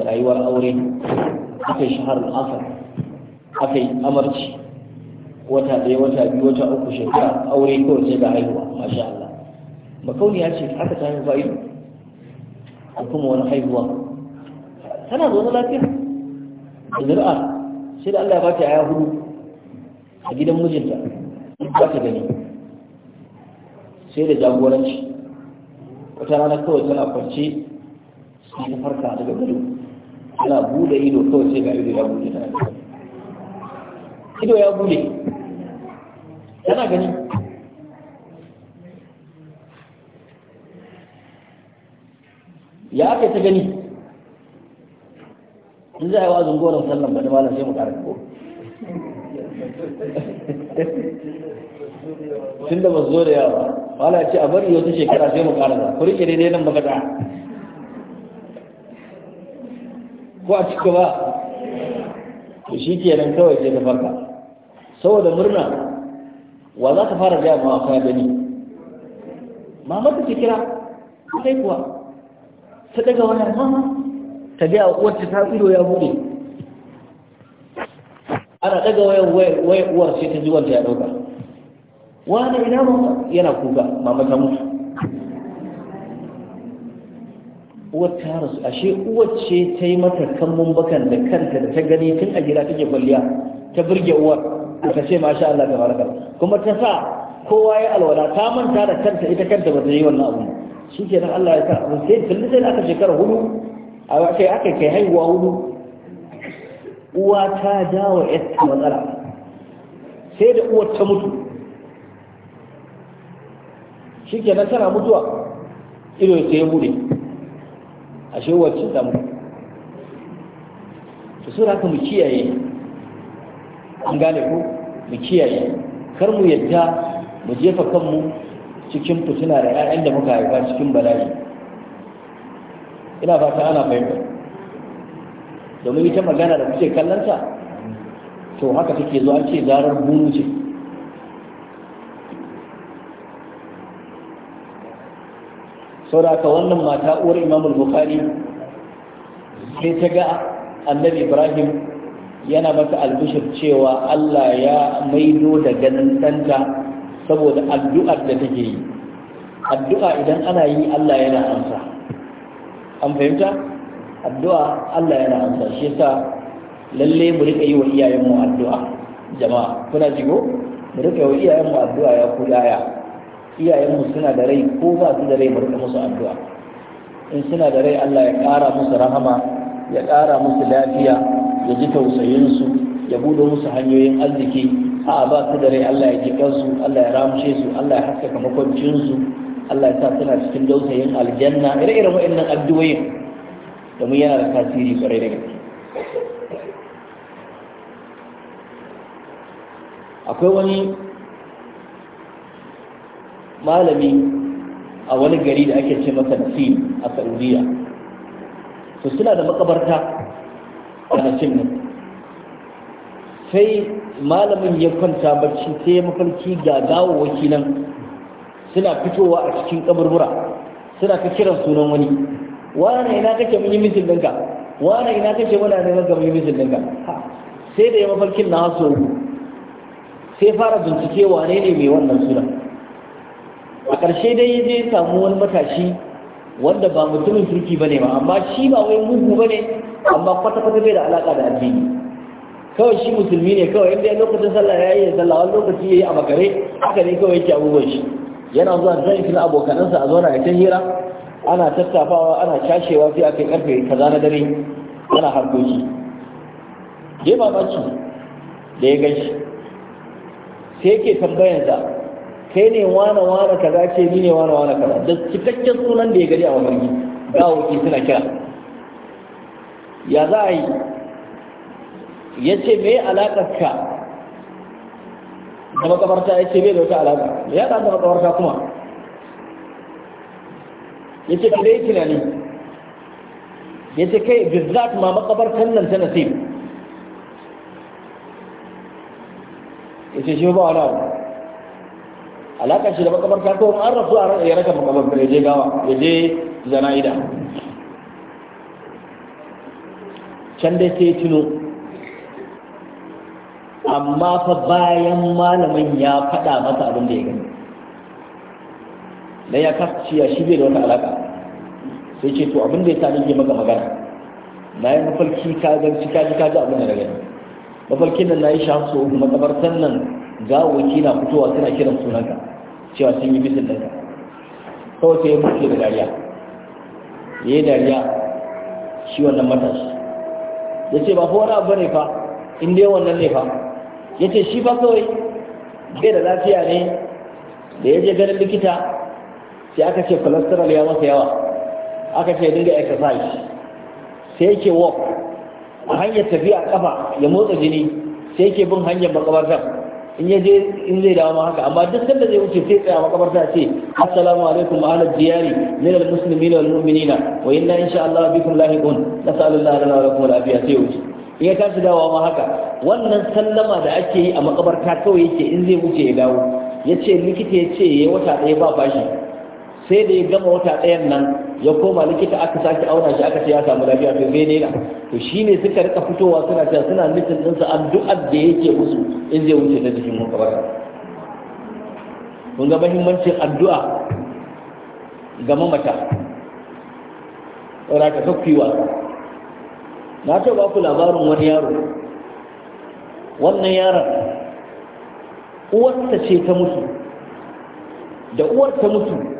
rayuwar aure aka yi shahar al'asar aka yi amarci wata ɗaya wata biyu wata uku shekara aure kawai sai ga haihuwa masha Allah makauniya ce haka ta haifa ido a kuma wani haihuwa tana zaune lafiya da zuri'a sai da Allah ya ba ta yaya hudu a gidan mijinta ba ta gani sai da jagoranci wata rana kawai tana kwanci sai ta farka daga gado tana bude ido kawai sai ga ido ya bude tana ido ya bude tana gani ya aka ta gani in za a yi wa zungoron sallan ba da malam sai mu ƙara ko tun da ba zo da yawa wala ce a bari wata shekara sai mu karasa kuri rike daidai nan baka da ko a cika ba to shi ke nan kawai sai ta farka saboda murna wa za ka fara gaya ma ka gani mama ta kira kai kuwa ta daga wannan mama ta gaya wacce ta ido ya buɗe ana daga wayar wayar uwar sai ta ji wanda ya ɗauka wani ina mama yana kuka mama ta mutu uwar ta rasu ashe uwar ce ta yi mata kammun bakan da kanta da ta gani tun a gida take kwalliya ta birge uwar ta ce masha Allah ta baraka kuma ta sa kowa ya alwala ta manta da kanta ita kanta ba ta yi wannan abu shi ke nan Allah ya sa abu sai tun sai aka shekara hudu a kai aka kai haihuwa hudu uwa ta dawo yadda matsala sai da uwar ta mutu shi nan tana mutuwa ido sai ya bude ashe shewar cin damu to sai haka mu kiyaye an gane ko mu kiyaye kar mu yadda mu jefa kanmu cikin fitina da 'ya'yan da muka haifa cikin bala'i ina fata ana fahimta domin ita magana da kuke kallanta to haka take zuwa ce zarar bunu ce sau da aka wannan mata uwar imamul bukari sai ta ga annabi ibrahim yana mata albishir cewa allah ya maido da ganin ɗanta saboda addu'ar da take yi addu'a idan ana yi allah yana amsa an fahimta addu'a allah yana amsa shi yasa lallai mu rika yi wa iyayenmu addu'a jama'a kuna jigo mu rika yi wa iyayenmu addu'a ya ku iyayenmu suna da rai ko ba su da rai mu musu addu'a in suna da rai Allah ya ƙara musu rahama ya ƙara musu lafiya ya ji tausayinsu ya buɗe musu hanyoyin arziki a ba su da rai Allah ya jiƙa su Allah ya ramshe su Allah ya haskaka makwancinsu Allah ya sa suna cikin dausayin aljanna ire-iren waɗannan Da mun yana da tasiri ƙwarai da gaske akwai wani malami a wani gari da ake ce masa sin a saudiya su suna da makabarta a nashin nan sai malamin ya kwanta barci sai mafarki ga gawawaki nan suna fitowa a cikin kaburbura suna ka kiran sunan wani wane ina kake mun yi mitin ɗinka wane ina kake muna neman ka mun yi mitin ɗinka sai da ya mafarkin na haso sai fara bincike wane ne mai wannan sunan a ƙarshe dai ya je samu wani matashi wanda ba mutumin turki ba ne ba amma shi ba wai mugu ba ne amma kwata-kwata bai da alaƙa da addini kawai shi musulmi ne kawai inda lokacin sallah ya yi ya sallah wani lokaci ya yi a makare haka ne kawai yake abubuwan shi yana zuwa zai fi abokanansa a zauna ya ta hira ana tattafawa ana cashewa sai aka karfe kaza na dare ana harkoki dai ba da ya gashi sai yake tambayansa kai ne wane wane kaza ce ni ne wane wane kaza da cikakken sunan da ya gari a mafarki gawoki suna kira ya za a yi ya ce me alaƙar ka da makabarta ya ce me da wata alaƙa ya ɗan da makabarta kuma ya ce yi tunani ya ce kai bizzat ma makabartan nan ta nasib ya ce shi ba wani abu Alaƙa shi da makamar ko an rasu a ya raka makamar ya je gawa ya je zana'ida can dai sai tuno amma fa bayan malamin ya faɗa masa abin da ya gani da ya ya shi bai da wata alaƙa sai ce to abin da ya sami ke maka magana na yi mafarki ka ganci ka ji ka ji abin da gani mafarkin nan na yi shafi so makabartan nan gawo na fitowa suna kiran sunanka cewa sun yi bisin daga kawai sai ya mutu da dariya ya yi dariya shi wannan matashi ya ce ba fa wani abu ne fa inda yawan nan ne fa ya ce shi fa kawai bai da lafiya ne da ya je ganin likita sai aka ce cholesterol ya masa yawa aka ce dinga exercise sai yake walk a hanyar tafiya kafa ya motsa jini sai yake bin hanyar makabartar in ya je in zai dawo haka amma duk da zai wuce sai tsaya makabarta ce assalamu alaikum ala diyari min al muslimin wal mu'minina wa inna insha Allah bikum lahiqun nasallallahu lana wa lakum al afiya sai wuce in ya tashi dawo ma haka wannan sallama da ake yi a makabarta kawai yake in zai wuce ya dawo yace likita yace yayi wata ɗaya ba bashi sai da ya gama wata ɗayan nan ya koma likita aka sake auna shi aka ce ya samu lafiya to bai daina to shi ne suka rika fitowa suna cewa suna nufin ɗinsa addu'ar da yake musu in zai wuce ta jikin makabarta kun ga mahimmancin addu'a ga mamata ɗora ka kakkiwa na ce ba ku labarin wani yaro wannan yaron uwarta ce ta mutu da uwar ta mutu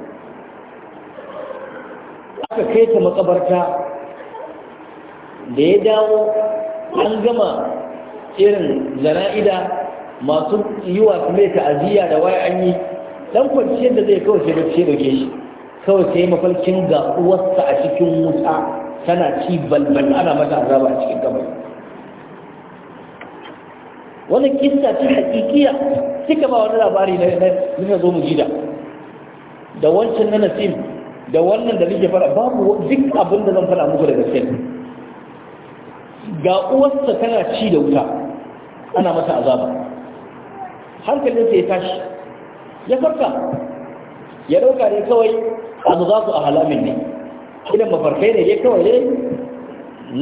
aka kai ta makabarta da ya dawo an gama irin zana'ida masu yi wa su mai ta'aziyya da waya an yi dan kwanciyar da zai kawai sai bacci da shi kawai sai mafarkin ga uwarsa a cikin wuta tana ci balbal ana mata azaba a cikin gabar Wani kista ta hakikiya suka ba wani labari na zo mu ji da wancan na nasim da wannan da nake fara babu duk abin da zan fara muku da gaske ga uwarsa tana ci da wuta ana masa azaba hankalin sai ya tashi ya farka ya dauka ne kawai abu za su a halamin ne idan mafarkai ne ya kawai ne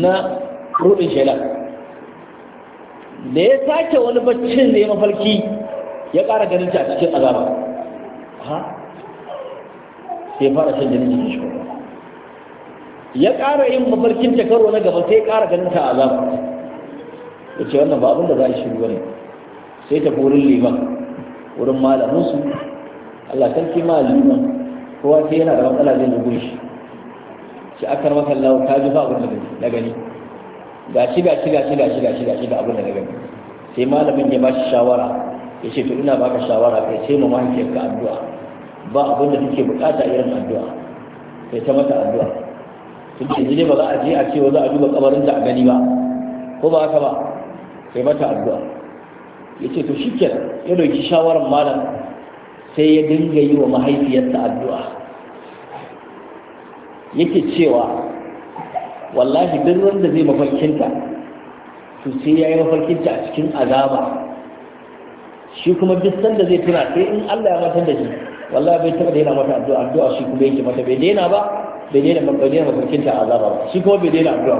na rudin shela da ya sake wani baccin da ya mafarki ya ƙara ganin ta a cikin azaba sai fara shan jini jikin shi ya ƙara yin mafarkin ta karo na gaba sai ƙara ganin ta azaba ya ce wannan ba abin da za a shiru ne sai ta wurin liman wurin malaminsu Allah sarki ma liman kowa sai yana da matsala zai zugun shi shi aka rama kallawa ta ji ba abin da na gani ga shi ga shi ga shi ga shi ga shi ga shi ga abin da na gani sai malamin ya ba shi shawara ya ce to ina baka shawara kai sai mu mahaifiyarka addu'a ba abin da take bukata irin addu'a sai ta mata addu'a tun da yanzu ne ba za a je a ce za a duba kabarin da a gani ba ko ba haka ba sai mata addu'a ya ce to shi ke ya dauki shawarar malam sai ya dinga yi wa mahaifiyarsa addu'a yake cewa wallahi duk wanda zai mafarkinta to sai ya yi mafarkinta a cikin azaba shi kuma duk sanda zai tuna sai in Allah ya matar da shi wallahi bai taba daina mata addu'a addu'a shi kuma yake mata bai daina ba bai daina mafarkin mafarkin ta azaba ba shi kuma bai daina addu'a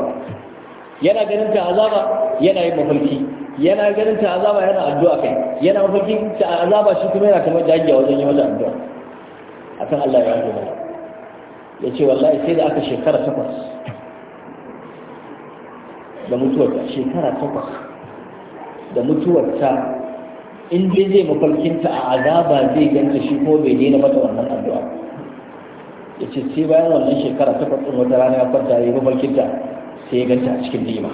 yana ganin ta azaba yana yin mafarki yana ganin ta azaba yana addu'a kai yana mafarkin ta azaba shi kuma yana kamar a wajen yi mata addu'a akan Allah ya mata ya ce wallahi sai da aka shekara takwas da mutuwarta shekara takwas da mutuwarta in dai zai mafarkinta a azaba zai ganta shi ko bai daina mata wannan addu'a ya ce sai bayan wannan shekara ta farkon wata rana ya kwanta ya mafarkinta sai ya ganta a cikin nima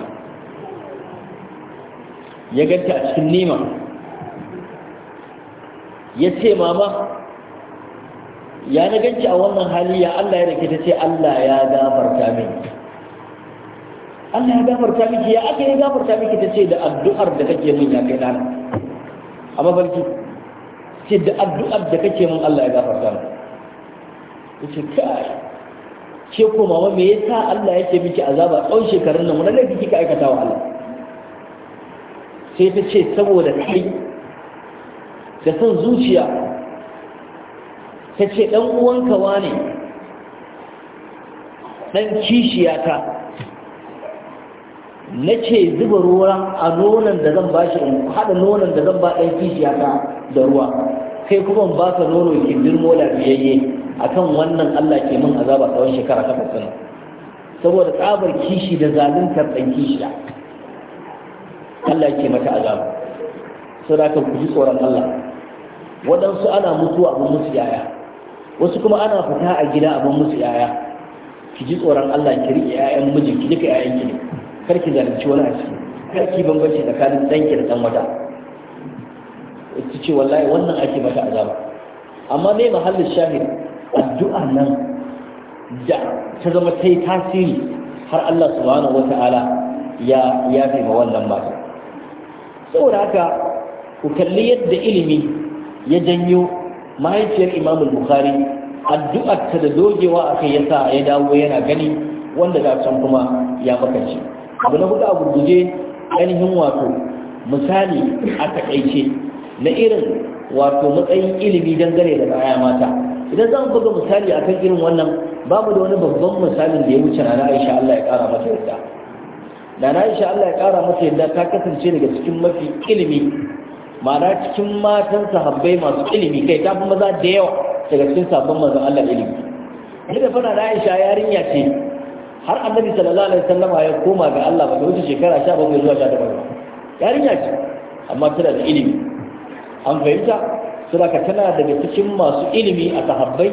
ya ganta a cikin nima ya ce mama ya na ganci a wannan hali ya Allah ya rike ta ce Allah ya gafarta min. Allah ya gafarta miki ya aka ya gafarta miki ta ce da addu'ar da kake min ya kai lana a mafarki ce da addu'ar da kake mun Allah ya gafarta mu yace kai ce ko mama me yasa Allah yake miki azaba tsawon shekarun nan wannan laifi kika aikata wa Allah sai ta ce saboda kai da son zuciya ta ce dan uwanka wane dan kishiyata Na ce zuba ruwa a nonon da zan shi in haɗa nonon da zan ba ɗan kishiya ta da ruwa kai kuma in ka nono ki dirmo lafiyayye kan wannan Allah ke min azaba tsawon shekara ta sana saboda tsabar kishi da zaluntar ɗan kishiya Allah ke mata azaba sau da ku ji tsoron Allah waɗansu ana mutuwa abin musu yaya wasu kuma ana fita a gida abin musu yaya ki ji tsoron Allah ki riƙe 'ya'yan mijin ki duka 'ya'yan ki ne karki zalunci wani a ciki karki bambanci tsakanin danki da dan wata ta ce wallahi wannan ake mata azaba amma me mahallin shahid addu'a nan da ta zama ta yi tasiri har Allah subhanahu wa ta'ala ya ya ma wannan mata saboda haka ku kalli yadda ilimi ya janyo mahaifiyar imamul bukhari addu'ar ta da dogewa akai yasa ya dawo yana gani wanda da can kuma ya makance abu na hudu a gurguje ainihin wato misali a takaice na irin wato matsayin ilimi dangane da baya mata idan zan buga misali akan irin wannan babu da wani babban misalin da ya wuce na Aisha Allah ya kara mata yadda. da na Aisha Allah ya kara mata yadda ta kasance daga cikin mafi ilimi ma'ana cikin matan sahabbai masu ilimi kai ta fi maza da yawa daga cikin sabon manzon Allah ilimi ne da fara Aisha yarinya ce har annabi sallallahu alaihi wasallama ya koma ga Allah ba da wuce shekara 17 zuwa 18 yarinya ce amma tana da ilimi an fahimta saboda tana daga cikin masu ilimi a sahabbai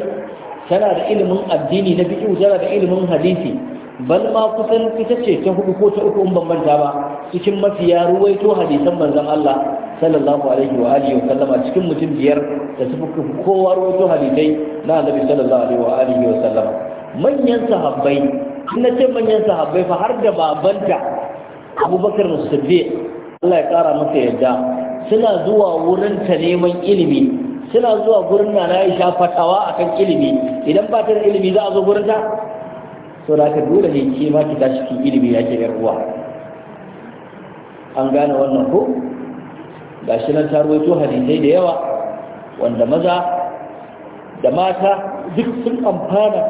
tana da ilimin addini na fiqh tana da ilimin hadisi bal ma kusan ita ce ta hudu ko ta uku in bambanta ba cikin mafi mafiya ruwaito hadisan manzon Allah sallallahu alaihi wa alihi wa sallama cikin mutum biyar da su kowa ruwaito hadisai na annabi sallallahu alaihi wa alihi wa sallama manyan sahabbai in ce manyan sahabbai fa har da babanta abubakar siddiq Allah ya kara masa yadda suna zuwa wurin ta neman ilimi suna zuwa gurin na na isha fatawa akan ilimi idan ba ta da ilimi za a zo gurin ta to da ka dole ne ke ma ki tashi ki ilimi yake yar uwa an gane wannan ko shi nan ta ruwaito hadisai da yawa wanda maza da mata duk sun amfana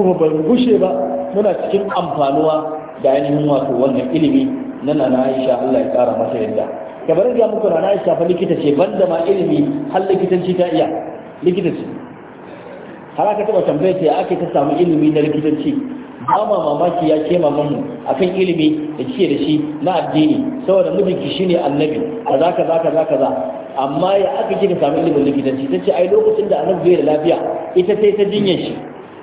kuma ba gushe ba muna cikin amfanuwa da ainihin wato wannan ilimi na nana Aisha Allah ya kara masa yadda kamar ga muku nana Aisha fa likita ce banda ma ilimi har likitanci ta iya likita ce har aka taba tambaye ta ake ta samu ilimi na likitanci ba ma mamaki ya ke mamanmu akan ilimi da ke da shi na addini saboda mijinki shine annabi kaza kaza kaza kaza amma ya aka kika samu ilimin likitanci ta ce ai lokacin da annabi bai da lafiya ita sai ta jinyar shi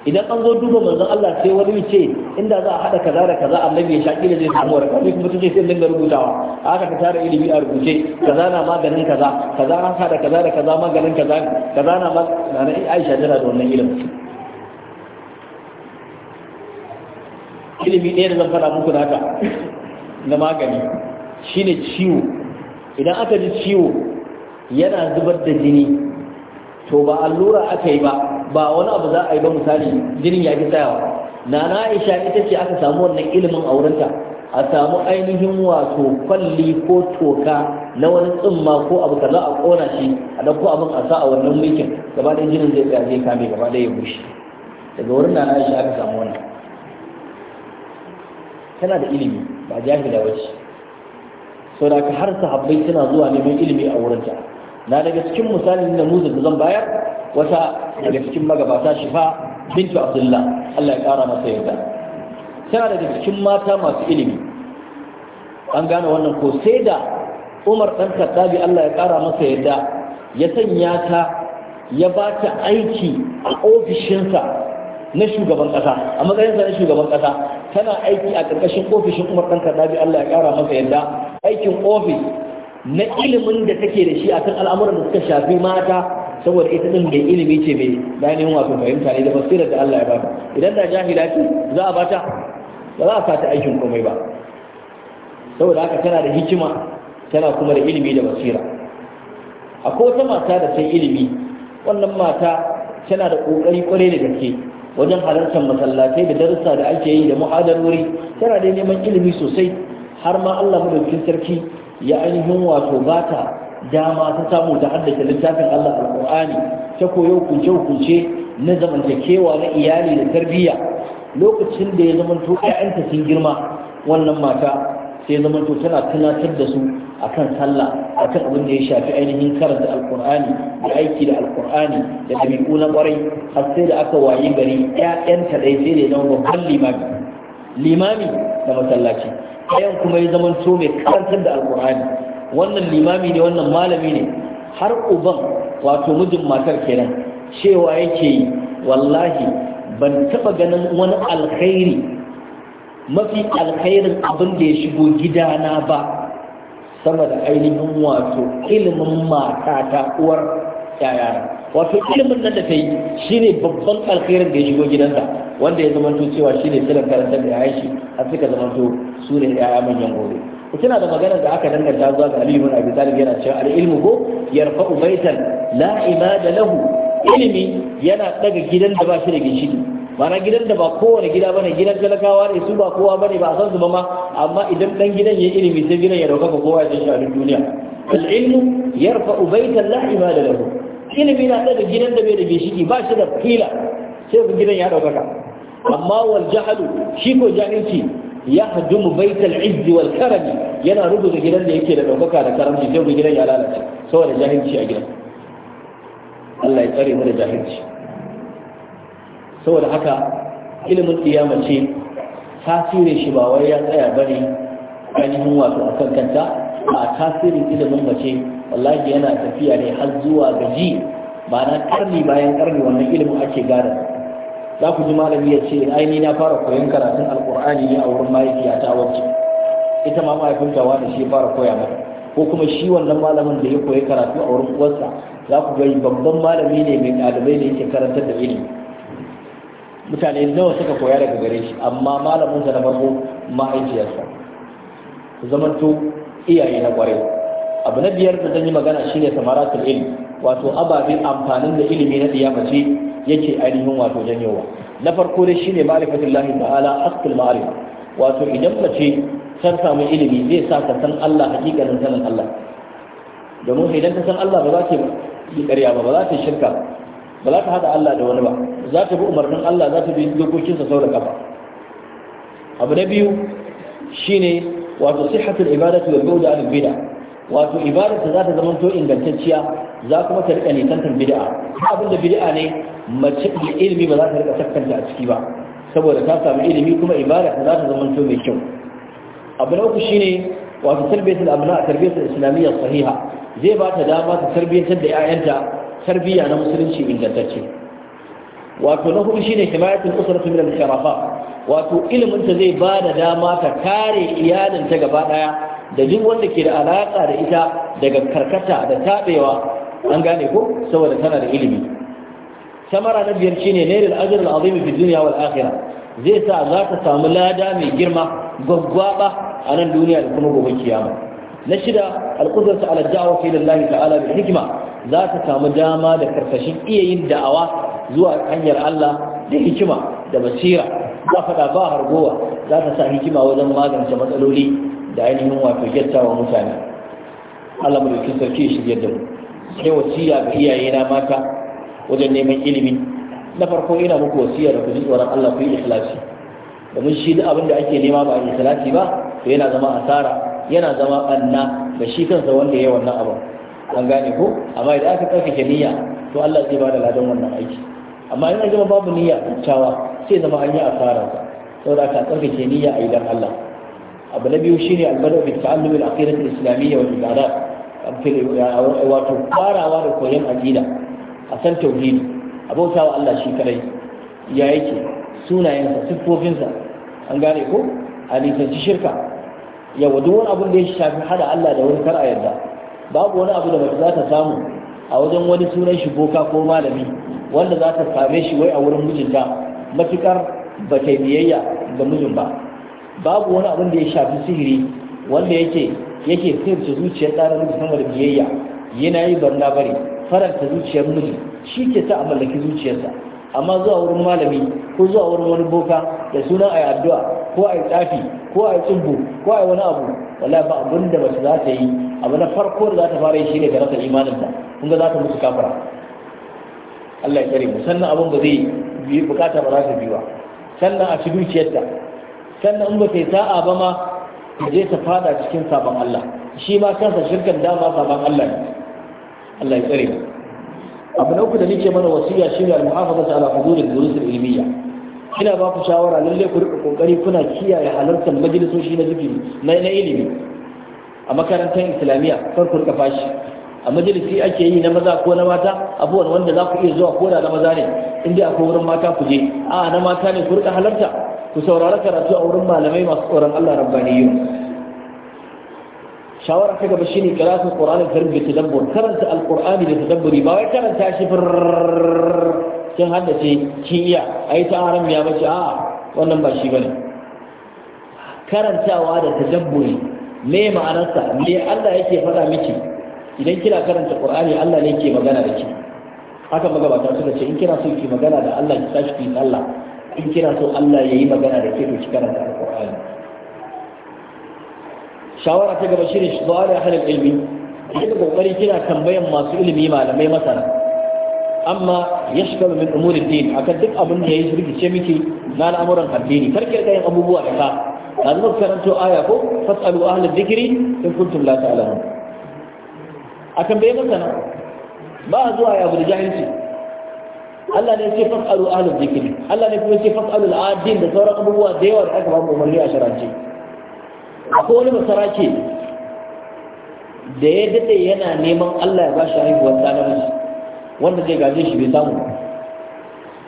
idan an zo duba manzon Allah sai wani ce inda za a hada kaza da kaza annabi ya shaki da zai samu waraka ni kuma tace sai dinga rubutawa haka ka tara ilimi a rubuce kaza na maganin kaza kaza an hada kaza da kaza maganin kaza kaza na maganin Aisha tana da wannan ilimin ilimi ɗaya da zan fara muku da haka na magani shine ciwo idan aka ji ciwo yana zubar da jini to ba allura aka yi ba ba wani abu za a yi ba misali jinin ya fi tsayawa na na aisha ita ce aka samu wannan ilimin aurenta a samu ainihin wato kwalli ko toka na wani tsimma ko abu za a kona shi a dauko abin a sa a wannan mulkin, gaba ɗaya jinin zai tsaya zai kame gaba ɗaya ya bushe daga wurin na na aisha aka samu wannan tana da ilimi ba jahila wace sau da har sahabbai suna zuwa neman ilimi a wurinta na daga cikin misalin da Musa da zan bayar wata daga cikin magabata shifa bintu abdullah Allah ya kara masa yarda tana daga cikin mata masu ilimi an gane wannan ko sai da Umar dan Khattabi Allah ya kara masa yarda ya sanya ta ya ba ta aiki a ofishinsa na shugaban kasa a matsayinsa na shugaban kasa tana aiki a ƙarƙashin ofishin Umar dan Khattabi Allah ya kara masa yarda aikin ofis na ilimin da take da shi a kan al'amuran da suka shafi mata saboda ita din da ilimi ce mai bayanin wato fahimta ne da basira da Allah ya bata idan da jahila ce za a bata ba za a fata aikin komai ba saboda haka tana da hikima tana kuma da ilimi da basira akwai wata mata da sai ilimi wannan mata tana da kokari kwarai da gaske wajen halartar masallatai da darussa da ake yi da muhadarori tana da neman ilimi sosai har ma Allah madaukakin sarki ya ainihin wato bata dama ta samu ta haddace littafin Allah alqur'ani ta koyo hukunce-hukunce na zamantakewa na iyali da tarbiyya lokacin da ya zamanto ta sun girma wannan mata sai zamanto tana tunatar da su akan sallah akan abin da ya shafi ainihin karanta alkur'ani da aiki da alkur'ani da dabi'u na kwarai har sai da aka wayi gari ƴaƴanta dai sai da ya zama babban limami limami da masallaci ayan kuma ya zama to mai karantar da alkur'ani wannan limami ne wannan malami ne har uban wato mijin matar kenan cewa yake yi wallahi ban taba ganin wani alkhairi mafi alkhairin abin da ya shigo gidana ba sama da ainihin wato ilimin matata uwar yayara wato ilimin nan da ta shi shine babban alkhairin da ya shigo gidansa wanda ya zamanto cewa shine silar karantar da ya shi a suka zama su ne yaya manyan gobe tana da magana da aka danganta zuwa ga aliyu mun abi talib yana cewa al ilmu ko yarfa'u ubaitan. la da lahu ilimi yana daga gidan da ba shi da gishiri mana gidan da ba kowane gida bane gidan talakawa ne su ba kowa bane ba san su ba ma amma idan dan gidan ya ilimi sai gidan ya dauka kowa ya shi a duniya al ilmu ubaitan ubaitan la da lahu ilimi na ɗaga gidan da bai da gishiki ba shi da fila sai ku gidan ya ɗaukaka amma wal jahalu shi ko jahilci ya hadumu baital izzi wal karami yana rubuta gidan da yake da ɗaukaka da karamci sai ku gidan ya lalace saboda jahilci a gidan Allah ya tsare mu da jahilci saboda haka ilimin kiyama ce tasirin shi ba wai ya tsaya bane ainihin wato akan kanta a tasirin ilimin mace wallahi yana tafiya ne har zuwa gaji. ba na karni bayan karni wannan ilimin ake gada za ku ji malami ya ce aini na fara koyon karatun alkur'ani ne a wurin mahaifiyata wacce ita ma mahaifinta wani shi fara koya mata ko kuma shi wannan malamin da ya koyi karatu a wurin uwarsa za ku gani babban malami ne mai ɗalibai da yake karantar da ilimi mutane nawa suka koya daga gare shi amma malamin sa na farko ma'aikiyarsa zamanto iyaye na kwarai abu na biyar da zan yi magana shine samaratul ilm wato ababin amfanin da ilimi na diyamace yake ainihin wato janyowa na farko dai shine ma'rifatullahi ta'ala asqul ma'rifa wato idan mace ta samu ilimi zai sa ta san Allah hakikanin sanin Allah domin idan ta san Allah ba za ta yi ƙarya ba ba za ta yi shirka ba za ta hada Allah da wani ba za ta bi umarnin Allah za ta bi dokokinsa sau da kafa abu na biyu shine wato sihhatul ibadati wal bu'd anil bid'a wato ibadar ta za ta zama to ingantacciya za kuma ta rika nisantar bid'a ba abin ne mace da ilimi ba za ta rika sakkanta a ciki ba saboda ta samu ilimi kuma ibada ta za ta zama to mai kyau abu na uku shine wato tarbiyatul abna tarbiyatul islamiyya sahiha zai ba ta dama ta tarbiyyantar da 'ya'yanta tarbiyya na musulunci ingantacce wato na hudu shine himayatul usrati min al-sharafa wato ilimin ta zai ba da dama ta kare iyalin ta gaba daya da duk wanda ke da alaka da ita daga karkata da tabewa an gane ko saboda tana da ilimi samara na biyar shine nailul ajr al-azim fi dunya wal akhirah zai sa za ta samu lada mai girma gwaggwaba a nan duniya da kuma gobe kiyama na shida al-qudratu ala da'wa fi lillahi ta'ala bil hikma za ta samu dama da karkashin iya yin da'awa zuwa hanyar Allah da hikima da basira za faɗa ba hargowa za ta sa hikima wajen magance matsaloli da ainihin wato wa mutane Allah mu dauki sarki ya shigar da mu sai wasiya ga iyaye na mata wajen neman ilimi na farko ina muku wasiya da ku ji tsoron Allah ku yi ikhlasi domin shi duk abin da ake nema ba a ikhlasi ba to yana zama asara yana zama anna da shi kansa wanda ya yi wannan abin an gane ko amma idan aka tsarkake niyya to Allah zai bada ladan wannan aiki amma in gama babu niyya kyakkyawa sai zama an yi asara sa saboda aka tsarkake niyya a idan Allah abu na biyu shine albada bi ta'allum al-aqidah al-islamiyya wal ibadat wato farawa da koyon aqida a san tauhidi abautawa Allah shi kadai ya yake sunayensa siffofinsa an gane ko a nisanci shirka yawa duk wani abin da ya shafi hada Allah da wani kar a yarda babu wani abu da mace za ta samu a wajen wani sunan shi boka ko malami wanda za ta same shi wai a wurin mijinta matukar ba ta biyayya ga mijin ba babu wani abun da ya shafi sihiri wanda yake yake sirce zuciyar ɗan rubu sama da biyayya yana yi barna bare faranta zuciyar miji shi ke ta a mallaki zuciyarsa amma zuwa wurin malami ko zuwa wurin wani boka da sunan a yi addu'a ko a yi tsafi ko a yi tsubbu ko a yi wani abu wala ba abin da mace za ta yi abu na farko da za ta fara shi ne ga rasa imaninta kun ga za ta mutu kafara Allah ya tsare mu sannan abin ba zai yi bukata ba za ta biwa sannan a ci dukiyarta sannan in ba ta yi sa'a ba ma ta je ta fada cikin sabon Allah shi ma kansa shirkan dama sabon Allah Allah ya tsare mu abu na uku da nake mana wasiya ne al-muhafazatu ala hudurin durus ilmiya ina ba ku shawara lalle ku rika kokari kuna kiyaye halartar majalisoshi na zikiri na ilimi a makarantar islamiyya kar ku rika fashi a majalisi ake yi na maza ko na mata abubuwan wanda za ku iya zuwa ko da na maza ne inda akwai wurin mata ku je a na mata ne ku rika halarta ku saurara karatu a wurin malamai masu tsoron Allah rabbaniyyu shawara ta gaba shine qira'atul qur'ani karim bi tadabbur karanta alqur'ani da tadabburi ba wai karanta shi fir kin haddace kin iya ai ta haram ya bace a wannan ba shi bane karantawa da tadabburi me ma'anarsa me Allah yake faɗa miki idan kina karanta Qur'ani Allah ne ke magana da ki haka magabata suka ce in kina so ki magana da Allah ki tashi ki Allah in kina so Allah yayi magana da ke to ki karanta Qur'ani shawara ta gaba shi shine shawara halal ilmi kina kokari kina tambayan masu ilimi malamai masana amma ya shiga min umurin din akan duk abin da ya yi ce miki na al'amuran addini karki da yin abubuwa da ka an muka karanto aya ko fasalu ahlul dhikri in kuntum la ta'lamun a bai maka na ba zuwa ya bul jahilci Allah ne yake fasalu ahlul dhikri Allah ne kuma yake fasalu al-adin da sauran abubuwa da yawa da aka ba mu umarni a sharance akwai wani masarake da ya dade yana neman Allah ya ba shi haihuwar ɗan wanda zai gaje shi bai samu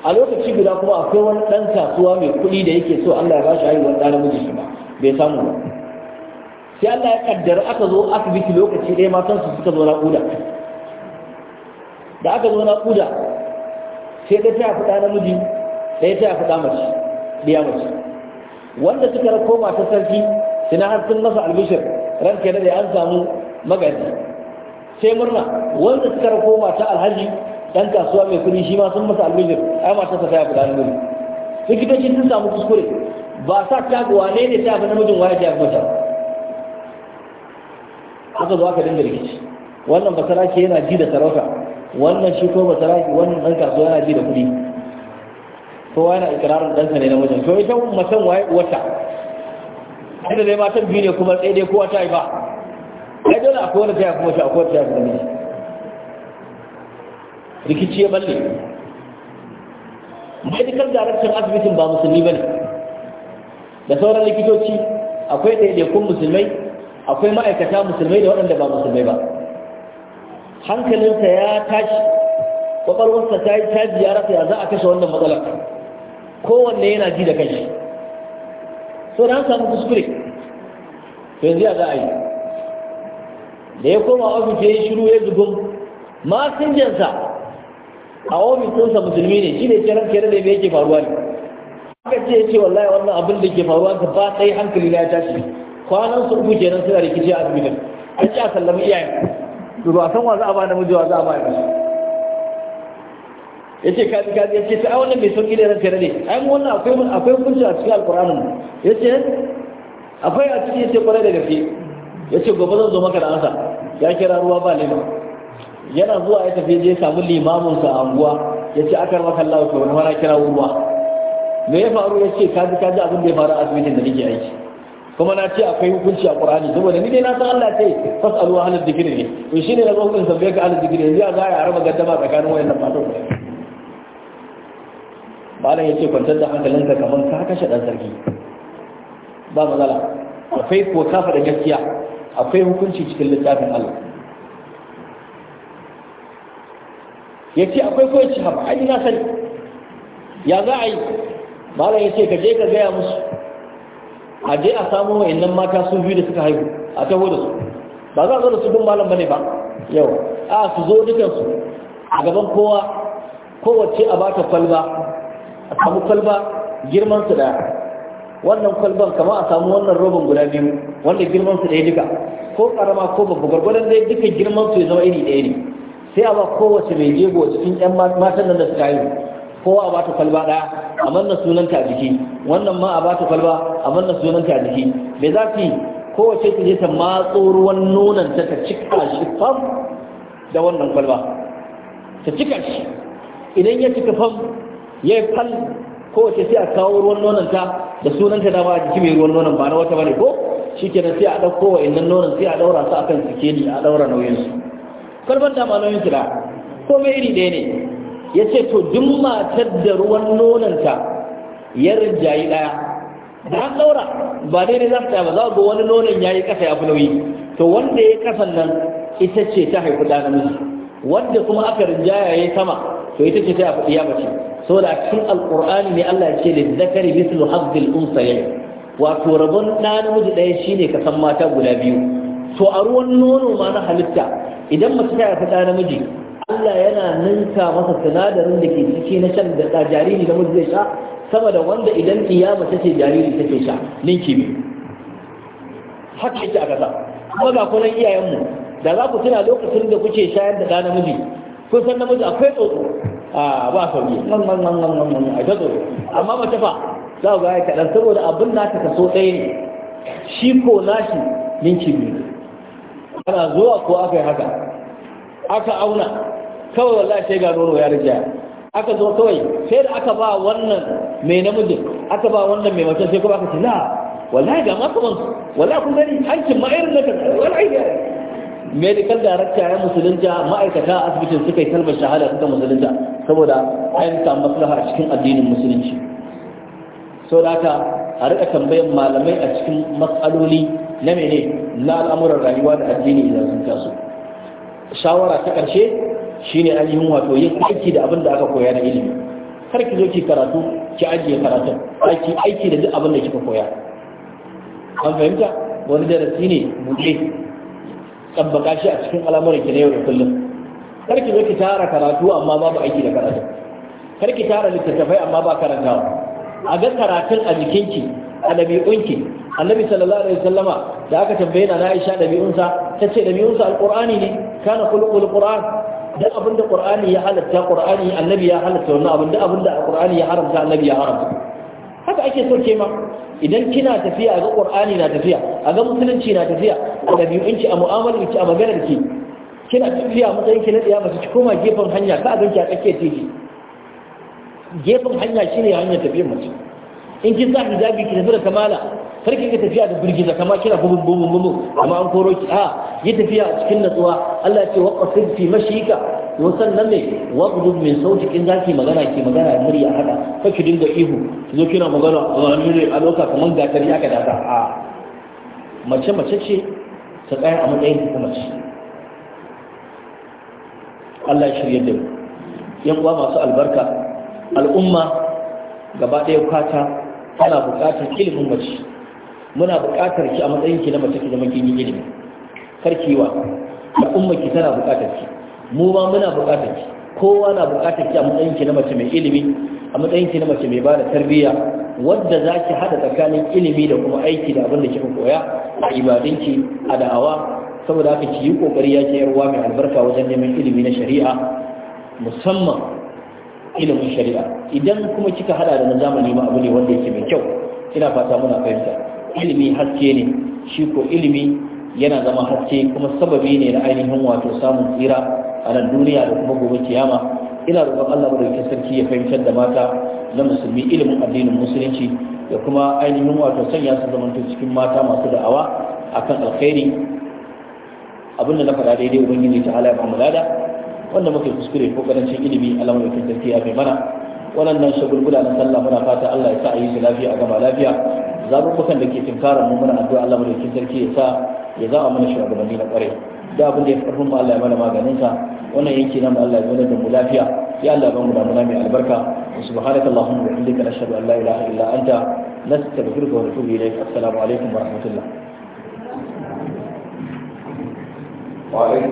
a lokaci guda kuma akwai wani ɗan kasuwa mai kuɗi da yake so Allah ya ba shi haihuwar ɗan namiji shi ba bai samu ba sai Allah ya kaddara aka zo asibiti lokaci ɗaya su suka zo naƙuda da aka zo naƙuda sai ɗaya ta fi ɗa namiji ɗaya ta fi ɗa mace ɗiya mace wanda suka rako mata sarki suna har sun masa albishir ranka da an samu magaji sai murna wanda suka rako mata alhaji dan kasuwa mai kuɗi shi ma sun masa almijir ai tasa sai a fita almijir likitoci sun samu kuskure ba sa ga wane ne ta yafi namijin waya ta yafi mata haka zuwa ka dinga rikici wannan basara yana ji da sarauta wannan shi ko basara wannan dan kasuwa yana ji da kuɗi kowa yana ikirarin ɗansa ne na wajen to ita macen waye wata inda dai matan biyu ne kuma tsaye dai kowa ta yi ba ai dole akwai wani ta kuma shi, akwai wani ta yafi namiji rikici ya balle medical director asibitin ba musulmi bane da sauran likitoci akwai ɗaiɗaikun musulmai akwai ma'aikata musulmai da waɗanda ba musulmai ba hankalinsa ya tashi ƙwaƙwalwarsa ta yi ta ziyara rasa ya za a kashe wannan matsalar kowanne yana ji da kashi so da an samu kuskure yanzu ya za a yi da ya koma ofis ya yi shiru ya zubin masinjansa a ofis ɗinsa musulmi ne shi ne kiran kere da yake faruwa ne aka ce ya ce wallahi wannan abin da ke faruwa ka ba ɗaya hankali na ya tashi kwanan su uku kenan suna rikici a asibitin an ci a sallama iyayen to ba san wa a ba namiji wa za a ba mace ya ce kaji kaji ya ce ta wannan mai sauƙi da ran kare ne ai mu wannan akwai akwai hukunci a cikin alƙur'anin ya ce akwai a cikin ya ce kwarai da gaske ya ce gobe zan zo maka da ansa ya kira ruwa ba lema yana zuwa ya tafi je samu limamin sa anguwa ce aka maka Allah ko wani mara kira ruwa me ya faru ce kaji kaji abin da ya faru a asibitin da nake aiki kuma na ce akwai hukunci a Qur'ani saboda ni dai na san Allah sai fasalu ahlul dhikri ne to shine na zo san bai ka ahlul dhikri Ya ga ya raba gaddama tsakanin wayannan fatan malam ce kwantar da hankalinka kaman ka kashe dan sarki ba matsala akwai ko kafa da gaskiya akwai hukunci cikin littafin Allah ya ce akwai ko ya haɓa ai na sani ya za a yi malam ya ce ka je ka gaya musu a je a samu wa'annan mata sun biyu da suka haihu a taho da su ba za a zo da su gun malam ne ba yau a su zo dukansu a gaban kowa kowace a bata kwalba a samu kwalba girman su daya wannan kwalban kama a samu wannan roban guda biyu wanda girman su ɗaya duka ko karama ko babu gwargwadon dai duka girman su ya zama iri ɗaya ne sai a ba kowace mai jego cikin yan matan nan da suka haihu kowa a bata kwalba ɗaya a manna sunanta a jiki wannan ma a bata kwalba a manna sunanta a jiki me za ki yi kowace ta je ta matso ruwan nonon ta ta cika shi fam da wannan kwalba ta cika shi idan ya cika fam ya yi fal kowace sai a kawo ruwan nonon ta da sunanta dama a jiki mai ruwan nonon ba na wata bane ko kenan sai a ɗauko wa innan nonon sai a ɗaura su akan sikeli a ɗaura nauyinsu kwalban ta malamin ko mai iri ɗaya ne ya ce to duk matar da ruwan nonanta ya rinjayi ɗaya da an ɗaura ba daidai za ta ba za ga wani nonon ya yi ƙasa ya fi nauyi to wanda ya ƙasa nan ita ce ta haifi ɗa namiji wanda kuma aka rinjaya ya sama to ita ce ta haifi ɗiya mace saboda a cikin alƙur'ani ne Allah ya ce da zakari mislu hazzil unsayayn wato rabon ɗa namiji ɗaya shine kasan mata guda biyu to a ruwan nono ma na halitta idan mace ta haifi ɗa namiji Allah yana ninka masa sinadarin da ke ciki na shan da ɗa jariri da zai sha sama da wanda idan iyama ta ce jariri take sha ninki ne haka yake a ƙasa kuma ga kunan iyayenmu da za ku tuna lokacin da kuke shayar da ɗa namiji kun san namiji akwai tsoro a ba sauki nan nan nan nan nan a ta tsotso amma mace fa za ku ga ya kaɗan saboda abin nata so ɗaya ne shi ko nashi ninki ne ana zuwa ko aka yi haka aka auna kawai wallahi sai ga nono ya rija aka zo kawai sai da aka ba wannan mai namiji aka ba wannan mai mace sai kuma aka ce la wallahi ga maka man wallahi kun gani hankin ma'irin da kanta wallahi ya medical director ya musulunta ma'aikata a asibitin suka yi kalmar shahada suka musulunta saboda an samu maslaha a cikin addinin musulunci so da haka a rika tambayan malamai a cikin matsaloli na mene na al'amuran rayuwa da addini idan sun taso shawara ta ƙarshe shine ainihin wato yin aiki da abin da aka koya na ilimi kar ki zo ki karatu ki ajiye karatun aiki aiki da duk abin da kika koya an fahimta wani darasi ne buɗe tabbaka shi a cikin al'amuran ki na yau da kullum kar ki zo ki tara karatu amma babu aiki da karatu kar ki tara littattafai amma ba karantawa a ga karatun a jikinki a ɗabi'unki annabi sallallahu alaihi sallama da aka tambaye na Aisha ɗabi'unsa ta ce ɗabi'unsa alqur'ani ne kana khuluqul qur'an duk abin da qur'ani ya halatta qur'ani annabi ya halatta wannan abin duk abin da qur'ani ya haramta annabi ya haramta haka ake so ke ma idan kina tafiya a ga qur'ani na tafiya a ga musulunci na tafiya a ɗabi'unki a mu'amalarki a maganarki kina tafiya matsayin ki na tsaya masu ki koma gefen hanya ka a ganki a tsakiyar titi gefen hanya shine hanyar tafiyar mace in kin sa hijabi ki tafi da kamala kar ki tafiya da da kama kina gubun gubun bubun amma an koro ki a yi tafiya a cikin natsuwa Allah ya ce qasid fi mashika wa sannan me qudud min sautik in zaki magana ki magana murya hada kar ki dinga ihu ki zo kina magana a loka kaman gatari aka dasa a mace mace ce ta tsaya a matsayin ta mace Allah ya shirye da mu yan uwa masu albarka al'umma gaba ɗaya kwata kana buƙatar ilimin mace muna buƙatar ki a matsayin na mace ki zama kin yi ilimi karkiwa al'umma ki tana buƙatar ki mu ma muna buƙatar ki kowa na buƙatar ki a matsayin na mace mai ilimi a matsayin na mace mai bada tarbiyya wadda za ki haɗa tsakanin ilimi da kuma aiki da abin da kika koya a ibadinki a da'awa saboda haka ki yi ƙoƙari ya ke yarwa mai albarka wajen neman ilimi na shari'a musamman ilimin shari'a idan kuma kika hada da na zamani ma abu ne wanda yake mai kyau ina fata muna fahimta ilimi haske ne shi ko ilimi yana zama haske kuma sababi ne na ainihin wato samun tsira a nan duniya da kuma gobe kiyama ina roƙon Allah madaukakin sarki ya fahimtar da mata na musulmi ilimin addinin musulunci da kuma ainihin wato sanya su zamanto cikin mata masu da'awa akan alkhairi abinda na faɗa daidai ubangiji ta halaye ba mulada wanda muke kuskure ko karancin ilimi Allah mai sarki ya bai mana waɗannan shagulgula na sallah muna fata Allah ya sa a yi su lafiya a gama lafiya zaɓuɓɓukan da ke tunkarar mu muna addu'a Allah mai sarki ya sa ya za a mana shugabanni na ƙwarai da abin da ya karfin mu Allah ya mana maganinsa wannan yanki nan Allah ya zo da mu lafiya ya Allah ba mu da mai albarka wa subhanaka allahumma wa bihamdika nashhadu an la ilaha illa anta nastaghfiruka wa natubu ilayk assalamu alaikum wa rahmatullah wa alaikum